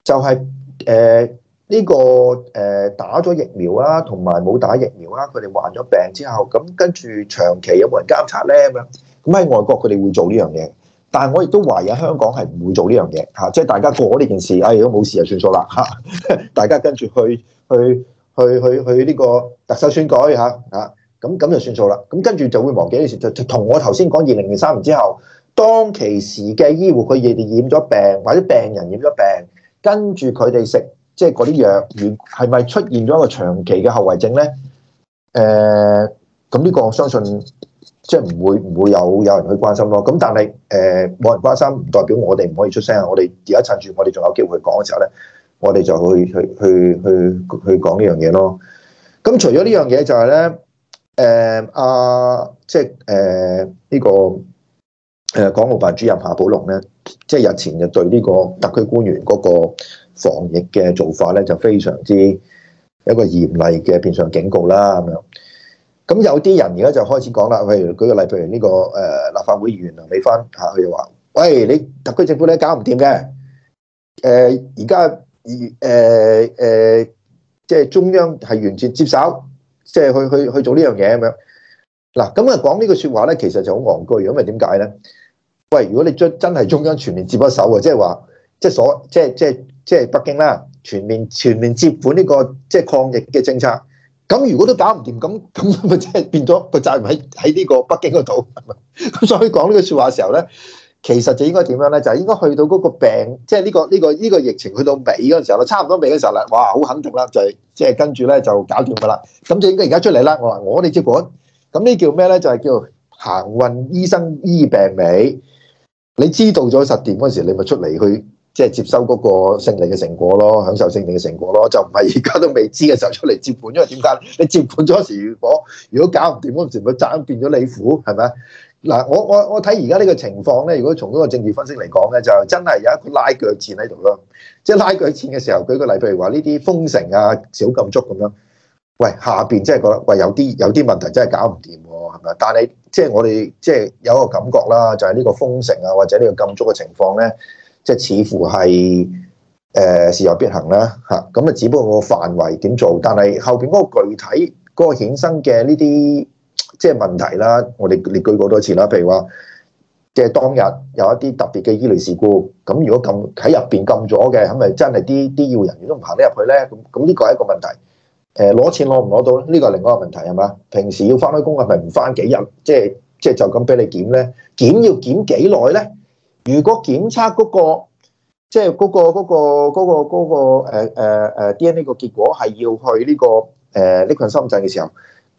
就係誒呢個誒、呃、打咗疫苗啊，同埋冇打疫苗啊，佢哋患咗病之後，咁跟住長期有冇人監察咧咁樣？咁喺外國佢哋會做呢樣嘢，但係我亦都懷疑香港係唔會做呢樣嘢嚇，即、啊、係、就係、大家過呢件事，唉、哎，如果冇事就算數啦嚇、啊，大家跟住去去去去去呢個特首選舉嚇嚇。啊啊咁咁就算數啦，咁跟住就會忘記你事，就同我頭先講二零二三年之後，當其時嘅醫護佢哋染咗病，或者病人染咗病，跟住佢哋食即係嗰啲藥，係咪出現咗一個長期嘅後遺症呢？誒、呃，咁呢個我相信即係唔會唔會有有人去關心咯。咁但係誒冇人關心，唔代表我哋唔可以出聲啊！我哋而家趁住我哋仲有機會去講嘅時候呢，我哋就去去去去去，去講呢樣嘢咯。咁除咗呢樣嘢，就係呢。誒，阿、嗯啊、即係誒呢個誒港澳辦主任夏寶龍咧，即係日前就對呢個特區官員嗰個防疫嘅做法咧，就非常之一個嚴厲嘅變相警告啦咁樣。咁有啲人而家就開始講啦，譬如舉個例，譬如呢個誒立法會議員梁美芬吓，佢就話：，喂，你特區政府咧搞唔掂嘅。誒、呃，而家而誒誒，即係中央係完全接手。即係去去去做呢樣嘢咁樣，嗱咁啊講個說呢句説話咧，其實就好戇居，咁咪點解咧？喂，如果你真真係中央全面接不手啊，即係話，即係所，即係即係即係北京啦，全面全面接盤呢、呢個即係、就是、抗疫嘅政策，咁如果都搞唔掂，咁咁咪即係變咗個責任喺喺呢個北京嗰度，係咪咁？ 所以講呢句説話嘅時候咧。其實就應該點樣咧？就應該去到嗰個病，即係呢個呢個呢個疫情去到尾嗰個時候啦，差唔多尾嗰時候啦，哇，好肯定啦，就係即係跟住咧就搞掂㗎啦。咁就應該而家出嚟啦。我話我哋接管，咁呢叫咩咧？就係叫行運醫生醫病尾。你知道咗實掂嗰時，你咪出嚟去即係接收嗰個勝利嘅成果咯，享受勝利嘅成果咯。就唔係而家都未知嘅時候出嚟接管。因為點解？你接管咗時，如果如果搞唔掂嗰陣時，咪責任變咗你苦，係咪？嗱，我我我睇而家呢個情況咧，如果從嗰個政治分析嚟講咧，就真係有一個拉鋸戰喺度咯。即係拉鋸戰嘅時候，舉個例，譬如話呢啲封城啊、小禁足咁樣，喂，下邊真係覺得喂有啲有啲問題真係搞唔掂喎，係咪？但係即係我哋即係有一個感覺啦，就係呢個封城啊或者呢個禁足嘅情況咧，即係似乎係誒、呃、事有必行啦，嚇。咁啊，只不過個範圍點做，但係後邊嗰個具體嗰個衍生嘅呢啲。即係問題啦，我哋列舉過多次啦。譬如話，即係當日有一啲特別嘅醫療事故，咁如果禁喺入邊禁咗嘅，係咪真係啲啲醫護人員都唔行得入去咧？咁咁呢個係一個問題。誒，攞錢攞唔攞到呢個係另外一個問題係嘛？平時要翻開工係咪唔翻幾日？即係即係就咁、是、俾你檢咧？檢要檢幾耐咧？如果檢測嗰、嗰個即係嗰個嗰、嗰個嗰、嗰個誒、嗰個嗰個 uh, uh, uh, DNA 個結果係要去呢、呢個誒呢個深圳嘅時候？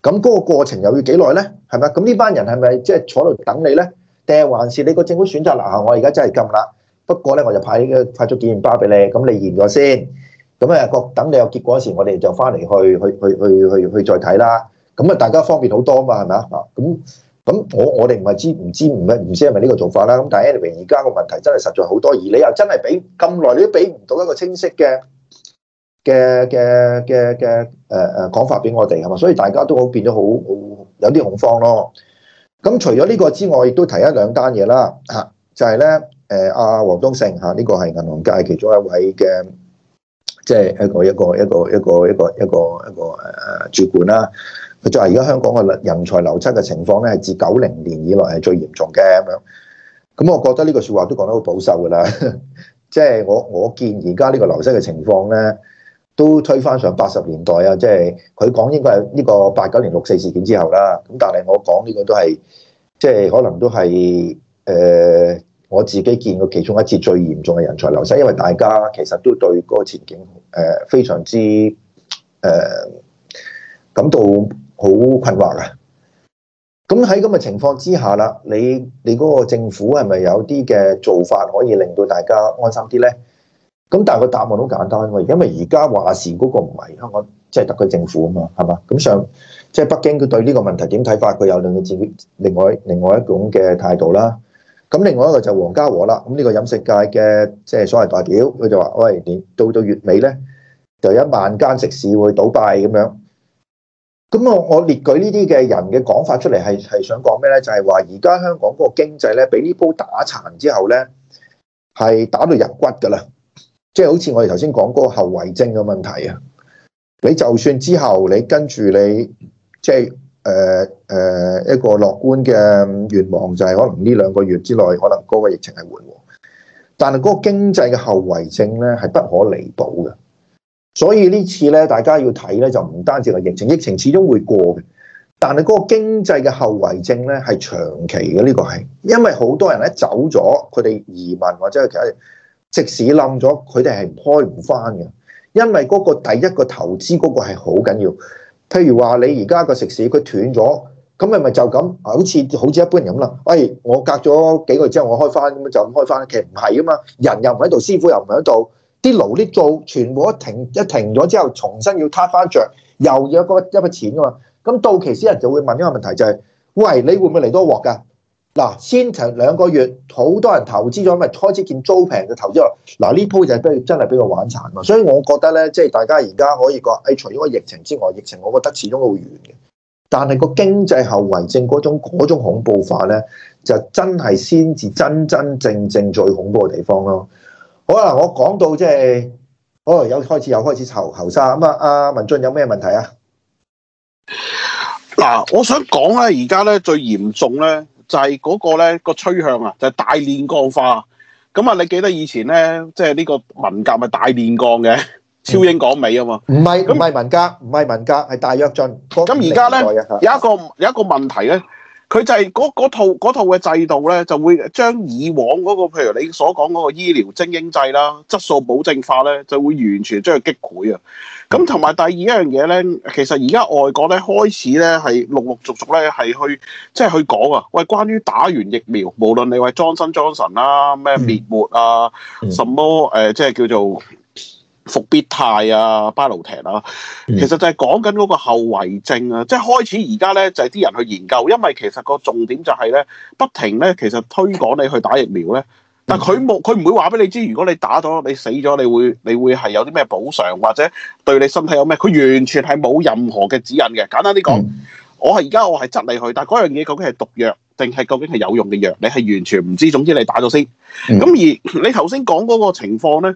咁嗰個過程又要幾耐咧？係咪？咁呢班人係咪即係坐度等你咧？定係還是你個政府選擇？啊，我而家真係禁啦！不過咧，我就派嘅派咗檢驗包俾你，咁你驗咗先。咁、嗯、誒，等你有結果時，我哋就翻嚟去去去去去去再睇啦。咁、嗯、啊，大家方便好多嘛？係咪啊？咁、嗯、咁、嗯，我我哋唔係知唔知唔唔知係咪呢個做法啦？咁但係 anyway 而家個問題真係實在好多，而你又真係俾咁耐，你都俾唔到一個清晰嘅。嘅嘅嘅嘅誒誒講法俾我哋係嘛？所以大家都好變咗好好有啲恐慌咯。咁、嗯、除咗呢個之外，亦都提一兩單嘢啦嚇，就係咧誒阿王冬勝嚇，呢、啊啊這個係銀行界其中一位嘅，即、就、係、是、一個一個一個一個一個一個一個誒、呃、主管啦。佢就話而家香港嘅人才流失嘅情況咧，係自九零年以來係最嚴重嘅咁樣。咁、啊、我覺得呢個說話都講得好保守㗎啦，即係我我見而家呢個流失嘅情況咧。呢都推翻上八十年代啊，即係佢講，應該係呢個八九年六四事件之後啦。咁但係我講呢個都係，即係可能都係誒我自己見過其中一次最嚴重嘅人才流失，因為大家其實都對嗰個前景誒非常之誒感到好困惑啊。咁喺咁嘅情況之下啦，你你嗰個政府係咪有啲嘅做法可以令到大家安心啲咧？咁但係個答案好簡單啊，因為而家話事嗰個唔係香港，即係特區政府啊嘛，係嘛？咁上即係北京佢對呢個問題點睇法？佢有另一個另外另外一種嘅態度啦。咁另外一個就黃家和啦，咁呢個飲食界嘅即係所謂代表，佢就話喂，到到月尾咧，就有一萬間食肆會倒閉咁樣。咁我我列舉呢啲嘅人嘅講法出嚟，係係想講咩咧？就係話而家香港嗰個經濟咧，俾呢波打殘之後咧，係打到人骨噶啦。即係好似我哋頭先講嗰個後遺症嘅問題啊！你就算之後你跟住你即係誒誒一個樂觀嘅願望，就係可能呢兩個月之內可能嗰個疫情係緩和，但係嗰個經濟嘅後遺症咧係不可彌補嘅。所以呢次咧，大家要睇咧就唔單止係疫情，疫情始終會過嘅，但係嗰個經濟嘅後遺症咧係長期嘅。呢個係因為好多人咧走咗，佢哋移民或者係其他。食肆冧咗，佢哋係開唔翻嘅，因為嗰個第一個投資嗰個係好緊要。譬如話你而家個食肆佢斷咗，咁係咪就咁？好似好似一般人咁啦，誒、哎，我隔咗幾個月之後我開翻咁就咁開翻，其實唔係啊嘛，人又唔喺度，師傅又唔喺度，啲勞力做全部停一停一停咗之後，重新要撻翻着，又要嗰一筆錢噶嘛。咁到期啲人就會問一個問題就係、是：喂，你會唔會嚟多鑊㗎？嗱，先前兩個月好多人投資咗，咪開始見租平嘅投資。嗱，呢鋪就係真係比較玩殘咯。所以我覺得咧，即係大家而家可以講，誒，除咗個疫情之外，疫情我覺得始終都會完嘅。但係個經濟後遺症嗰種嗰種恐怖化咧，就真係先至真真正正最恐怖嘅地方咯。好啦，我講到即係，哦，有開始有開始籌求生咁啊，阿文俊有咩問題啊？嗱、啊，我想講咧，而家咧最嚴重咧。就係嗰、那個咧、那個趨向啊，就係、是、大煉鋼化。咁啊，你記得以前咧，即係呢個文革咪大煉鋼嘅 超英趕美啊嘛？唔係唔係文革，唔係文革，係那大躍進。咁而家咧，有一個有一個問題咧。佢就係嗰套套嘅制度咧，就會將以往嗰、那個譬如你所講嗰個醫療精英制啦、質素保證法咧，就會完全將佢擊潰啊！咁同埋第二一樣嘢咧，其實而家外國咧開始咧係陸陸續續咧係去即係、就是、去講啊，喂，關於打完疫苗，無論你話強生強生啦，咩滅活啊，什麼誒、啊，即係、嗯呃就是、叫做。復必泰啊，巴魯特啊，其實就係講緊嗰個後遺症啊，即係開始而家咧就係、是、啲人去研究，因為其實個重點就係咧不停咧，其實推廣你去打疫苗咧，但係佢冇佢唔會話俾你知，如果你打咗你死咗，你會你會係有啲咩補償或者對你身體有咩？佢完全係冇任何嘅指引嘅。簡單啲講，嗯、我係而家我係執你去，但係嗰樣嘢究竟係毒藥定係究竟係有用嘅藥？你係完全唔知。總之你打咗先。咁、嗯、而你頭先講嗰個情況咧。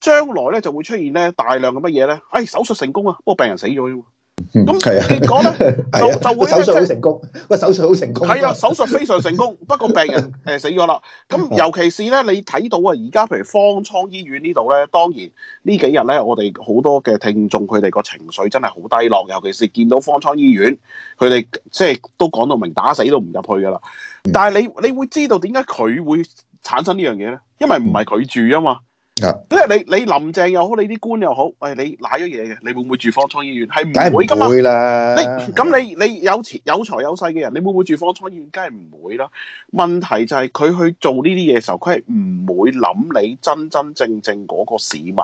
將來咧就會出現咧大量嘅乜嘢咧？誒、哎，手術成功啊，不過病人死咗啫嘛。咁結果咧就就會手術好成功，喂，手術好成功，係啊、嗯，嗯、手術非常成功， 不過病人誒死咗啦。咁尤其是咧，你睇到啊，而家譬如方艙醫院呢度咧，當然幾呢幾日咧，我哋好多嘅聽眾佢哋個情緒真係好低落，尤其是見到方艙醫院，佢哋即係都講到明打死都唔入去噶啦。嗯、但係你你會知道點解佢會產生呢樣嘢咧？因為唔係佢住啊嘛。因為你你林鄭又好，你啲官又好，喂，你賴咗嘢嘅，你會唔會住方艙醫院？係唔會噶嘛？唔會啦。咁你你，你有錢有財有勢嘅人，你會唔會住方艙醫院？梗係唔會啦。問題就係，佢去做呢啲嘢嘅時候，佢係唔會諗你真真正正嗰個市民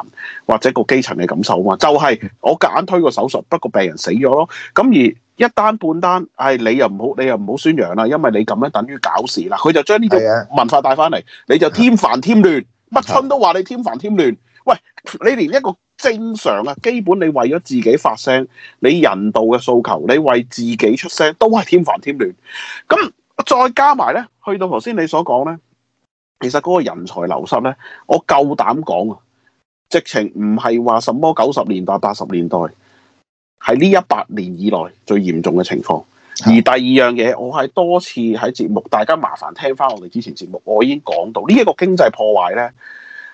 或者個基層嘅感受啊嘛。就係，我夾硬推個手術，不過病人死咗咯。咁而一單半單，唉，你又唔好你又唔好宣揚啦，因為你咁樣等於搞事啦。佢就將呢啲文化帶翻嚟，的你就添煩添亂。乜春都話你添煩添亂，喂！你連一個正常啊，基本你為咗自己發聲，你人道嘅訴求，你為自己出聲都係添煩添亂。咁再加埋咧，去到頭先你所講咧，其實嗰個人才流失咧，我夠膽講啊，直情唔係話什麼九十年代、八十年代，喺呢一百年以來最嚴重嘅情況。而第二樣嘢，我係多次喺節目，大家麻煩聽翻我哋之前節目，我已經講到呢一個經濟破壞咧，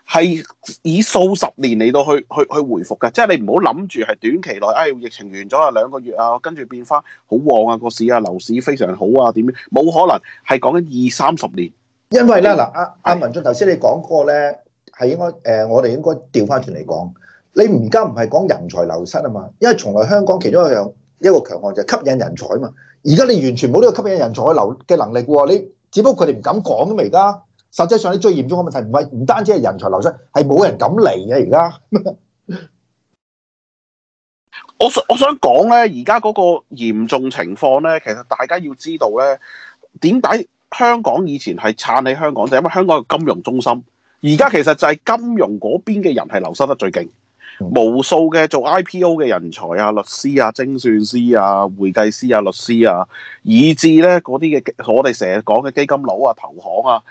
係以數十年嚟到去去去回復嘅，即係你唔好諗住係短期內，誒疫情完咗啊兩個月啊，跟住變翻好旺啊個市啊樓市非常好啊點樣？冇可能，係講緊二三十年，因為咧嗱，阿阿文俊頭先你講過咧，係應該誒我哋應該調翻轉嚟講，你唔而家唔係講人才流失啊嘛，因為從來香港其中一樣。一個強項就係吸引人才嘛，而家你完全冇呢個吸引人才去留嘅能力喎、啊，你只不過佢哋唔敢講啫嘛。而家實際上你最嚴重嘅問題唔係唔單止係人才流失，係冇人敢嚟嘅。而家我我想講咧，而家嗰個嚴重情況咧，其實大家要知道咧，點解香港以前係撐起香港，就係因為香港係金融中心。而家其實就係金融嗰邊嘅人係流失得最勁。無數嘅做 IPO 嘅人才啊、律師啊、精算師啊、會計師啊、律師啊，以至咧嗰啲嘅我哋成日講嘅基金佬啊、投行啊，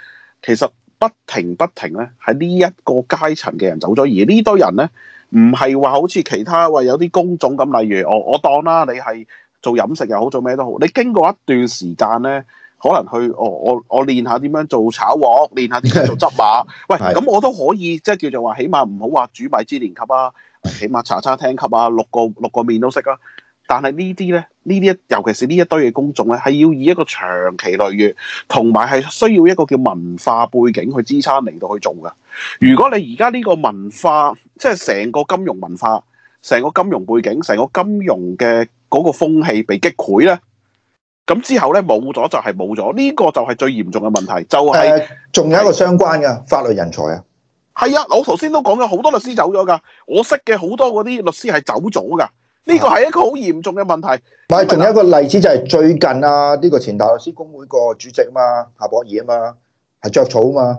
其實不停不停咧喺呢一個階層嘅人走咗，而呢堆人咧唔係話好似其他話有啲工種咁，例如我我當啦，你係做飲食又好，做咩都好，你經過一段時間咧。可能去哦，我我練下點樣做炒鑊，練下點樣做執馬。 喂，咁 我都可以即係叫做話，起碼唔好話米芝蓮級啊，起碼茶餐廳級啊，六個六個面都識啊。但係呢啲咧，呢啲尤其是呢一堆嘅工種咧，係要以一個長期累月，同埋係需要一個叫文化背景去支撐嚟到去做㗎。如果你而家呢個文化，即係成個金融文化、成個金融背景、成個金融嘅嗰個風氣被擊潰咧。咁之後咧冇咗就係冇咗，呢、這個就係最嚴重嘅問題。就係、是、仲、呃、有一個相關嘅是法律人才啊，係啊，我頭先都講咗好多律師走咗㗎，我識嘅好多嗰啲律師係走咗㗎，呢、這個係一個好嚴重嘅問題。唔係、啊，仲有一個例子就係最近啊，呢、這個前大律師公會個主席啊嘛，夏博義啊嘛，係着草啊嘛，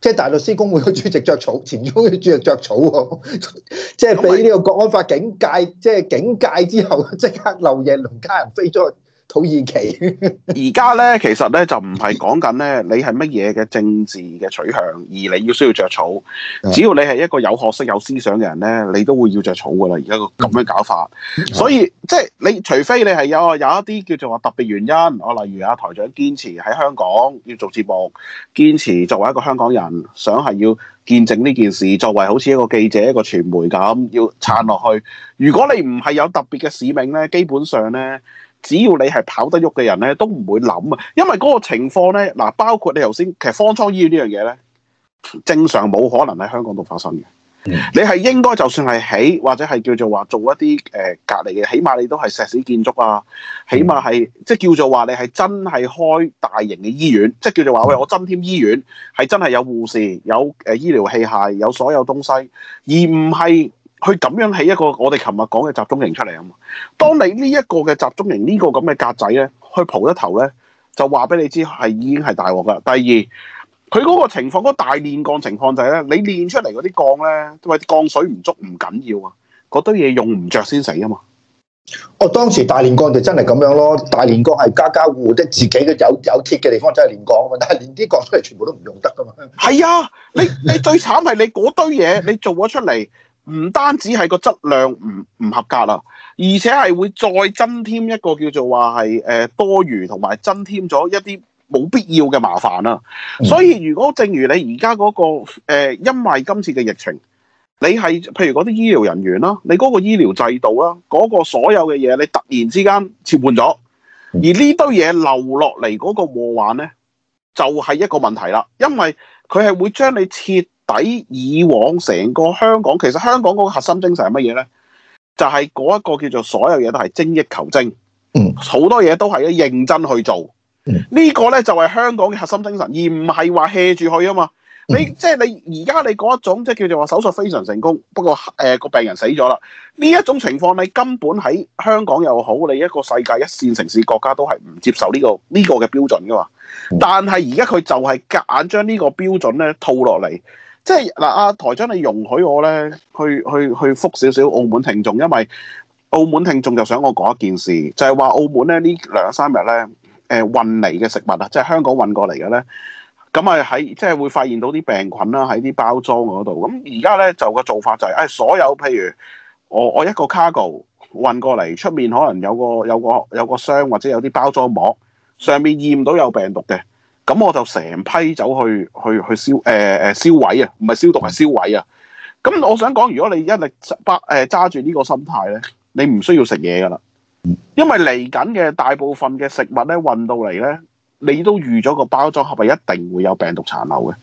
即係大律師公會個主席着草，前中嘅主席着草喎， 即係俾呢個國安法警戒，即、就、係、是、警戒之後即刻漏夜龍家人飛出去。土耳其而家咧，其實咧就唔係講緊咧，你係乜嘢嘅政治嘅取向，而你要需要着草。只要你係一個有學識、有思想嘅人咧，你都會要着草噶啦。而家個咁樣搞法，所以即係你除非你係有有一啲叫做話特別原因，例如阿、啊台長堅持喺香港要做節目，堅持作為一個香港人，想係要見證呢件事，作為好似一個記者、一個傳媒咁要撐落去。如果你唔係有特別嘅使命咧，基本上咧。只要你係跑得喐嘅人咧，都唔會諗啊！因為嗰個情況咧，嗱，包括你頭先其實方艙醫院呢樣嘢咧，正常冇可能喺香港度發生嘅。你係應該就算係起或者係叫做話做一啲誒、呃、隔離嘅，起碼你都係石屎建築啊，起碼係即叫做話你係真係開大型嘅醫院，即叫做話喂我增添醫院係真係有護士有誒、呃、醫療器械有所有東西，而唔係。佢咁樣起一個我哋琴日講嘅集中營出嚟啊嘛！當你呢一個嘅集中營、這個、呢個咁嘅格仔咧，去蒲一頭咧，就話俾你知係已經係大鑊噶啦。第二，佢嗰個情況嗰、那個、大煉鋼情況就係、是、咧，你煉出嚟嗰啲鋼咧，或者鋼水唔足唔緊要啊，嗰堆嘢用唔着先死啊嘛！我、哦、當時大煉鋼就真係咁樣咯，大煉鋼係家家戶戶的自己嘅有有鐵嘅地方真係煉鋼啊嘛，但係煉啲鋼出嚟全部都唔用得噶嘛。係啊，你你最慘係你嗰堆嘢，你做咗出嚟。 唔單止係個質量唔唔合格啦，而且係會再增添一個叫做話係誒多餘同埋增添咗一啲冇必要嘅麻煩啦。所以如果正如你而家嗰個、呃、因為今次嘅疫情，你係譬如嗰啲醫療人員啦，你嗰個醫療制度啦，嗰、嗰個所有嘅嘢，你突然之間切換咗，而堆流呢堆嘢留落嚟嗰個禍患咧，就係、係、一個問題啦，因為佢係會將你切。抵以往成個香港，其實香港嗰個核心精神係乜嘢咧？就係嗰一個叫做所有嘢都係精益求精，嗯，好多嘢都係要認真去做、嗯、個呢個咧就係、是、香港嘅核心精神，而唔係話 hea 住去啊嘛。你即係、就是、你而家你嗰一種即係、就是、叫做話手術非常成功，不過誒個、呃、病人死咗啦呢一種情況，你根本喺香港又好，你一個世界一線城市國家都係唔接受呢、這個呢、這個嘅標準㗎嘛。但係而家佢就係夾硬將呢個標準咧套落嚟。即係嗱，阿、啊、台長你容許我咧，去去去覆少少澳門聽眾，因為澳門聽眾就想我講一件事，就係、是、話澳門咧呢兩三日咧，誒運嚟嘅食物啊，即係香港運過嚟嘅咧，咁啊喺即係會發現到啲病菌啦，喺啲包裝嗰度。咁而家咧就個做法就係、是，誒、哎、所有譬如我我一個 cargo 運過嚟，出面可能有個有個有個，有個箱或者有啲包裝膜上面驗到有病毒嘅。咁我就成批走去去去消誒誒銷毀啊，唔係消毒係銷毀啊！咁我想講，如果你一力揸住呢個心態咧，你唔需要食嘢噶啦，因為嚟緊嘅大部分嘅食物咧運到嚟咧，你都預咗個包裝盒係咪一定會有病毒殘留嘅。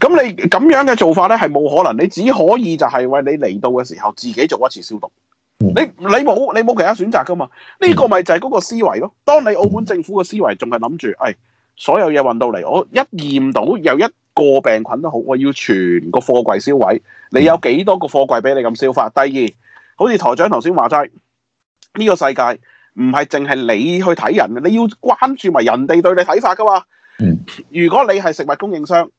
咁你咁樣嘅做法咧係冇可能，你只可以就係、是、喂，你嚟到嘅時候自己做一次消毒。你你冇你冇其他選擇噶嘛？呢、這個咪就係嗰個思維咯。當你澳門政府嘅思維仲係諗住誒。哎所有嘢運到嚟，我一驗到有一個病菌都好，我要全個貨櫃銷毀。你有幾多個貨櫃俾你咁消化？第二，好似台長頭先話齋，呢個世界唔係淨係你去睇人，你要關注埋人哋對你睇法噶嘛。如果你係食物供應商，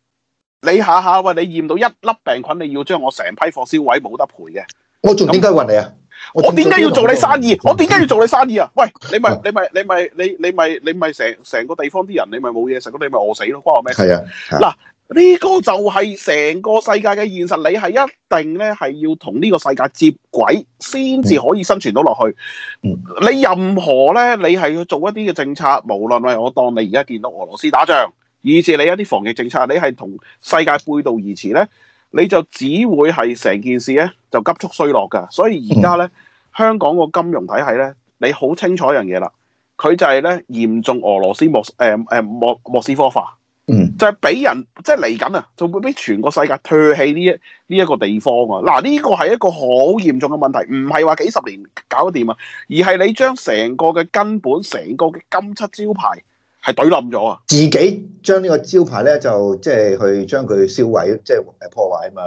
你下下喂，你驗到一粒病菌，你要將我成批貨銷毀，冇得賠嘅，我仲點解運你啊？我點解要做你生意？我點解要做你生意啊？喂，你咪 你咪你咪你你咪你咪成成個地方啲人，你咪冇嘢食，咁你咪餓死咯，關我咩事啊？係啊，嗱，呢、呢個就係成個世界嘅現實，你係一定咧係要同呢個世界接軌，先至可以生存到落去。嗯、你任何咧，你係要做一啲嘅政策，無論係我當你而家見到俄羅斯打仗，以至你一啲防疫政策，你係同世界背道而馳咧。你就只會係成件事咧就急速衰落㗎，所以而家咧香港個金融體系咧，你好清楚一樣嘢啦，佢就係咧嚴重俄羅斯莫誒誒莫莫斯科化，嗯，就係俾人即係嚟緊啊，就會俾全個世界唾棄呢一呢一個地方啊！嗱、啊，呢、呢個係一個好嚴重嘅問題，唔係話幾十年搞掂啊，而係你將成個嘅根本、成個嘅金漆招牌。係懟冧咗啊！自己將呢個招牌咧就即係去將佢燒毀，即係誒破壞啊嘛！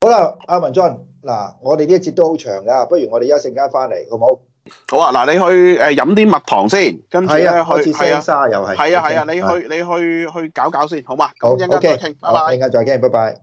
好啦，阿文進嗱，我哋呢一節都好長噶，不如我哋休息陣間翻嚟，好唔好？好啊！嗱，你去誒飲啲蜜糖先，跟住咧去，係啊，聲沙又係，係啊，係啊，你去你去去搞搞先，好嘛？好，O K，好，陣間再傾，拜拜。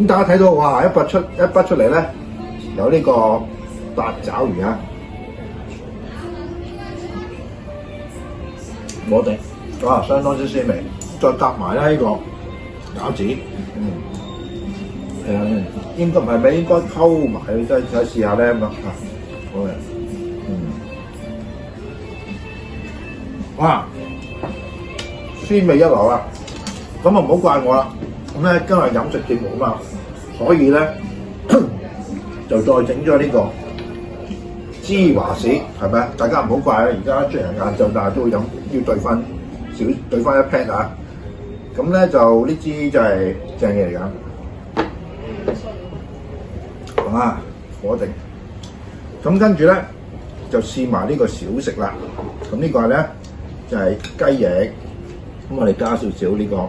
咁大家睇到哇，一筆出一筆出嚟咧，有呢個八爪魚啊，我哋、嗯、哇相當之鮮味，再夾埋咧呢個餃子，嗯，係、嗯、啊，啊，啊應，應該唔係咩？應該溝埋即係再試下咧咁啊，好、嗯、嘅，嗯，哇，鮮味一流啊，咁啊唔好怪我啦。咁咧今日飲食節目啊嘛，所以咧 就再整咗呢個芝華士，係咪啊？大家唔好怪啦，而家出完晏晝，但係都會飲，要兌翻少，兌翻一瓶啊！咁咧就呢支就係正嘢嚟㗎，係嘛？火定。咁跟住咧就試埋呢個小食啦。咁呢個咧就係雞翼，咁我哋加少少呢個。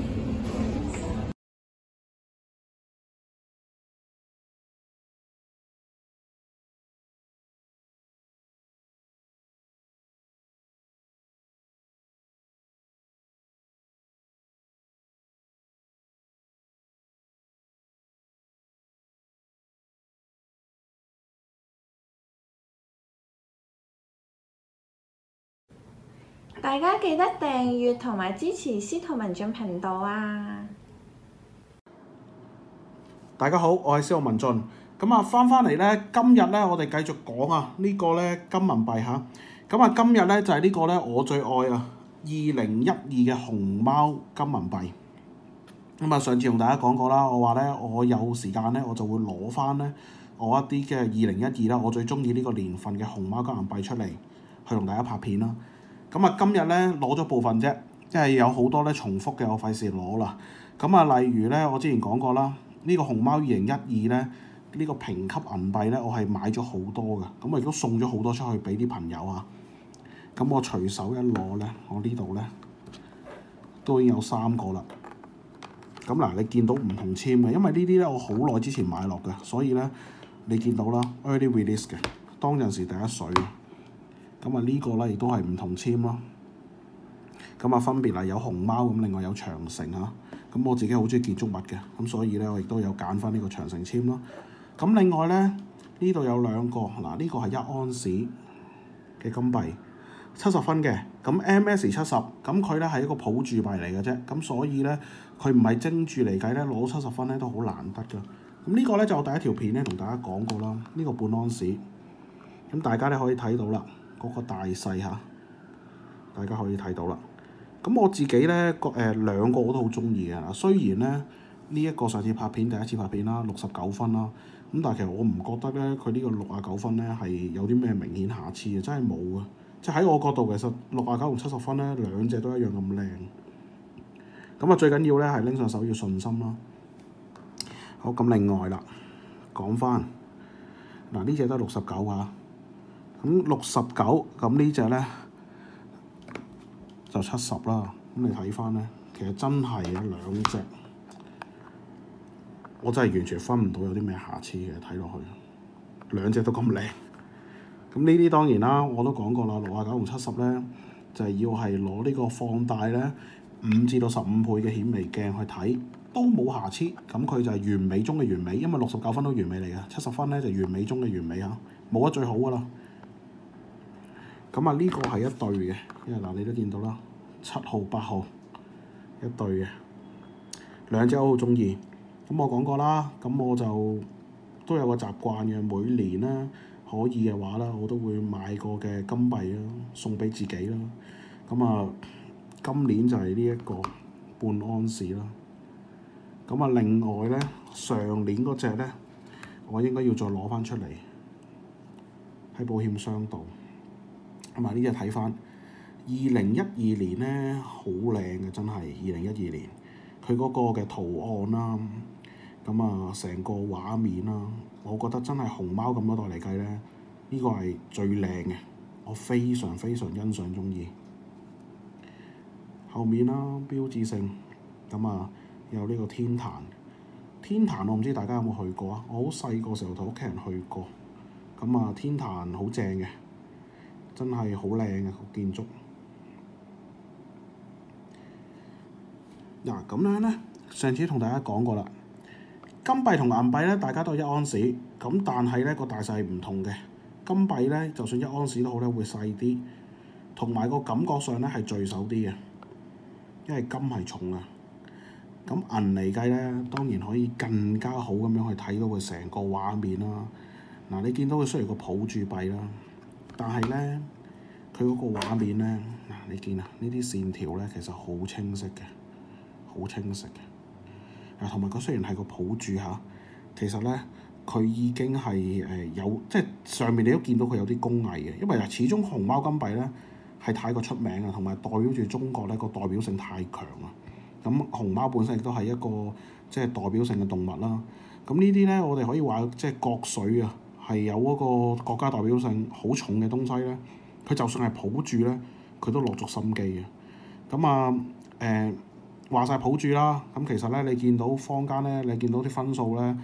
大家記得訂閱同埋支持司徒文進頻道啊！大家好，我係司徒文進咁啊，返返嚟咧。今日咧，我哋繼續講啊，呢個咧金銀幣吓，咁啊。今日咧就係呢個咧我最愛啊，二零一二嘅熊貓金銀幣。咁啊，上次同大家講過啦，我話咧我有時間咧，我就會攞返咧我一啲嘅二零一二啦，我最中意呢個年份嘅熊貓金銀幣出嚟，去同大家拍片啦。咁啊，今日咧攞咗部分啫，因為有好多咧重複嘅，我費事攞啦。咁啊，例如咧，我之前講過啦，這個、熊1，呢、這個熊貓二零一二咧，呢個評級銀幣咧，我係買咗好多嘅。咁啊，亦都送咗好多出去俾啲朋友啊，咁我隨手一攞咧，我呢度咧都已經有三個啦。咁嗱，你見到唔同簽嘅，因為呢啲咧我好耐之前買落嘅，所以咧你見到啦，early release 嘅，當陣時第一水。咁啊，呢個咧亦都係唔同簽咯。咁啊，分別啊有熊貓咁，另外有長城啊。咁我自己好中意建築物嘅，咁所以咧我亦都有揀翻呢個長城簽咯。咁另外咧呢度有兩個嗱，呢、啊呢個係一安士嘅金幣，七十分嘅。咁 M S 七十，咁佢咧係一個普鑄幣嚟嘅啫。咁所以咧佢唔係精鑄嚟計咧，攞七十分咧都好難得㗎。咁呢個咧就我第一條片咧同大家講過啦，呢、呢個半安士。咁大家咧可以睇到啦。嗰個大細嚇，大家可以睇到啦。咁我自己咧，個誒兩個我都好中意嘅。雖然咧呢一個上次拍片，第一次拍片啦，六十九分啦。咁但係其實我唔覺得咧，佢呢個六啊九分咧係有啲咩明顯瑕疵嘅，真係冇嘅。即係喺我角度，其實六啊九同七十分咧，兩隻都一樣咁靚。咁啊，最緊要咧係拎上手要信心啦。好，咁另外啦，講翻嗱呢隻都係六十九啊。咁六十九，咁呢隻呢，就七十啦。咁你睇翻呢，其實真係有兩隻，我真係完全分唔到有啲咩瑕疵嘅。睇落去兩隻都咁靚，咁呢啲當然啦，我都講過啦，六啊九同七十呢，就係、是、要係攞呢個放大呢，五至到十五倍嘅顯微鏡去睇，都冇瑕疵。咁佢就係完美中嘅完美，因為六十九分都完美嚟嘅，七十分呢，就是、完美中嘅完美呀，冇得最好噶啦。咁啊呢個係一對嘅，因為嗱你都見到啦，七號八號一對嘅，兩隻我都好中意。咁我講過啦，咁我就都有個習慣嘅，每年啦可以嘅話啦，我都會買過嘅金幣啦，送俾自己啦。咁啊，今年就係呢一個半安士啦。咁啊，另外咧，上年嗰隻咧，我應該要再攞翻出嚟喺保險箱度。咁啊！呢隻睇翻。二零一二年咧，好靚嘅真係。二零一二年，佢嗰個嘅圖案啦，咁啊成個畫面啦，啊，我覺得真係熊貓咁多代嚟計咧，呢、呢個係最靚嘅，我非常非常欣賞中意。後面啦，啊，標誌性，咁啊有呢個天壇。天壇我唔知大家有冇去過啊？我好細個時候同屋企人去過，咁啊天壇好正嘅。真係好靚嘅個建築。嗱，咁樣咧，上次同大家講過啦，金幣同銀幣咧，大家都係一安士咁，但係咧個大細唔同嘅。金幣咧，就算一安士都好咧，會細啲，同埋個感覺上咧係聚手啲嘅，因為金係重啊。咁銀嚟計咧，當然可以更加好咁樣去睇到佢成個畫面啦。嗱，你見到佢雖然個抱住幣啦。但係咧，佢嗰個畫面咧，嗱你見啊，呢啲線條咧，其實好清晰嘅，好清晰嘅。啊，同埋佢雖然係個抱住嚇，其實咧佢已經係誒有，即係上面你都見到佢有啲工藝嘅。因為啊，始終熊貓金幣咧係太過出名啊，同埋代表住中國咧，個代表性太強啦。咁熊貓本身亦都係一個即係代表性嘅動物啦。咁呢啲咧，我哋可以話即係國粹啊。係有嗰個國家代表性好重嘅東西咧，佢就算係普鑄咧，佢都落足心機嘅。咁啊，誒話晒普鑄啦。咁其實咧，你見到坊間咧，你見到啲分數咧，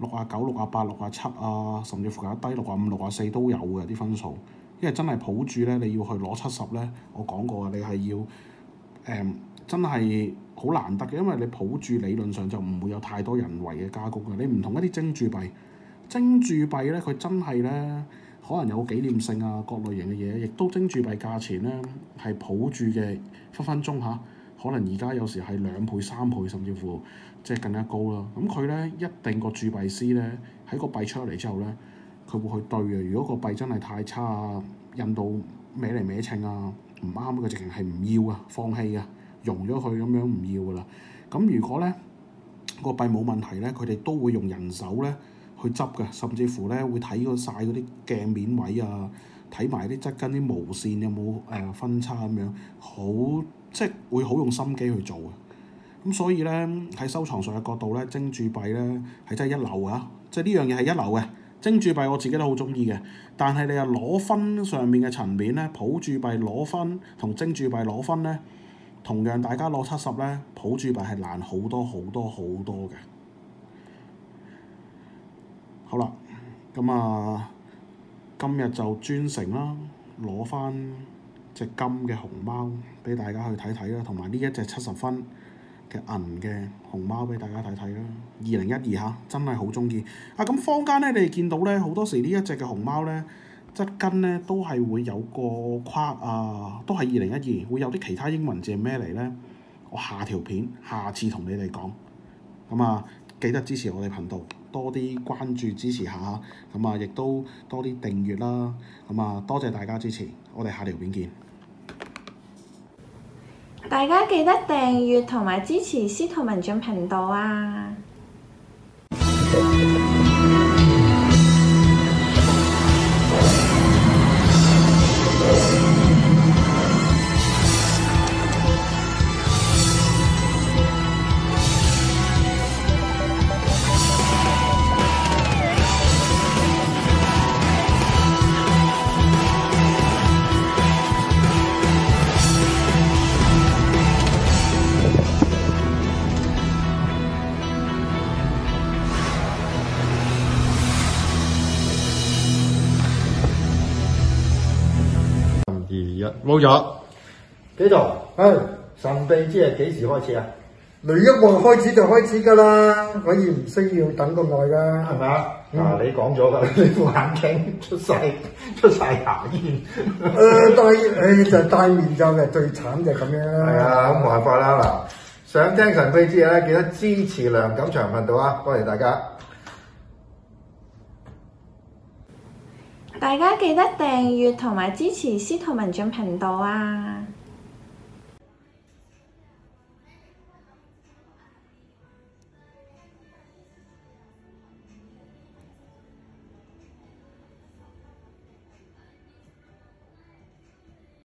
六啊九、六啊八、六啊七啊，甚至乎有低六啊五、六啊四都有嘅啲分數。因為真係普鑄咧，你要去攞七十咧，我講過啊，你係要誒、呃、真係好難得嘅，因為你普鑄理論上就唔會有太多人為嘅加工嘅。你唔同一啲精鑄幣。精鑄幣咧，佢真係咧，可能有紀念性啊，各類型嘅嘢，亦都精鑄幣價錢咧係普鑄嘅分分鐘嚇、啊。可能而家有時係兩倍、三倍，甚至乎即係更加高啦。咁佢咧一定個鑄幣師咧喺個幣出嚟之後咧，佢會去對啊。如果個幣真係太差、啊，印到歪嚟歪稱啊，唔啱嘅，直情係唔要啊，放棄啊，融咗佢咁樣唔要㗎啦。咁如果咧、個幣冇問題咧，佢哋都會用人手咧。會執嘅，甚至乎咧會睇嗰晒嗰啲鏡面位啊，睇埋啲側跟啲毛線有冇誒、呃、分叉咁樣，好即係會好用心機去做嘅。咁所以咧喺收藏上嘅角度咧，精鑄幣咧係真係一流啊！即係呢樣嘢係一流嘅，精鑄幣我自己都好中意嘅。但係你又攞分上面嘅層面咧，普鑄幣攞分同精鑄幣攞分咧，同樣大家攞七十咧，普鑄幣係難好多好多好多嘅。好啦，咁、嗯、啊，今日就專程啦，攞翻隻金嘅熊貓俾大家去睇睇啦，同埋呢一隻七十分嘅銀嘅熊貓俾大家睇睇啦。二零一二嚇，真係好中意啊！咁坊間咧，你哋見到咧，好多時呢一隻嘅熊貓咧，質根咧都係會有個框啊，都係二零一二，會有啲其他英文字係咩嚟咧？我下條片下次同你哋講，咁、嗯、啊，記得支持我哋頻道。多啲關注支持下，咁啊亦都多啲訂閱啦，咁啊多謝大家支持，我哋下條片見。大家記得訂閱同埋支持司徒文進頻道啊！好咗，幾多度？唉是，神秘之夜幾時開始啊？雷一望開始就開始噶啦，可以唔需要等咁耐噶，係咪啊？嗯、啊，你講咗啦，你副眼鏡出晒出晒牙煙，誒、 呃，戴誒、哎、就是、戴面罩嘅最慘就咁樣。係啊，咁冇辦法啦嗱，想聽神秘之夜咧，記得支持梁錦祥頻道啊，多謝、謝大家。大家記得訂閱同埋支持司徒文進頻道啊！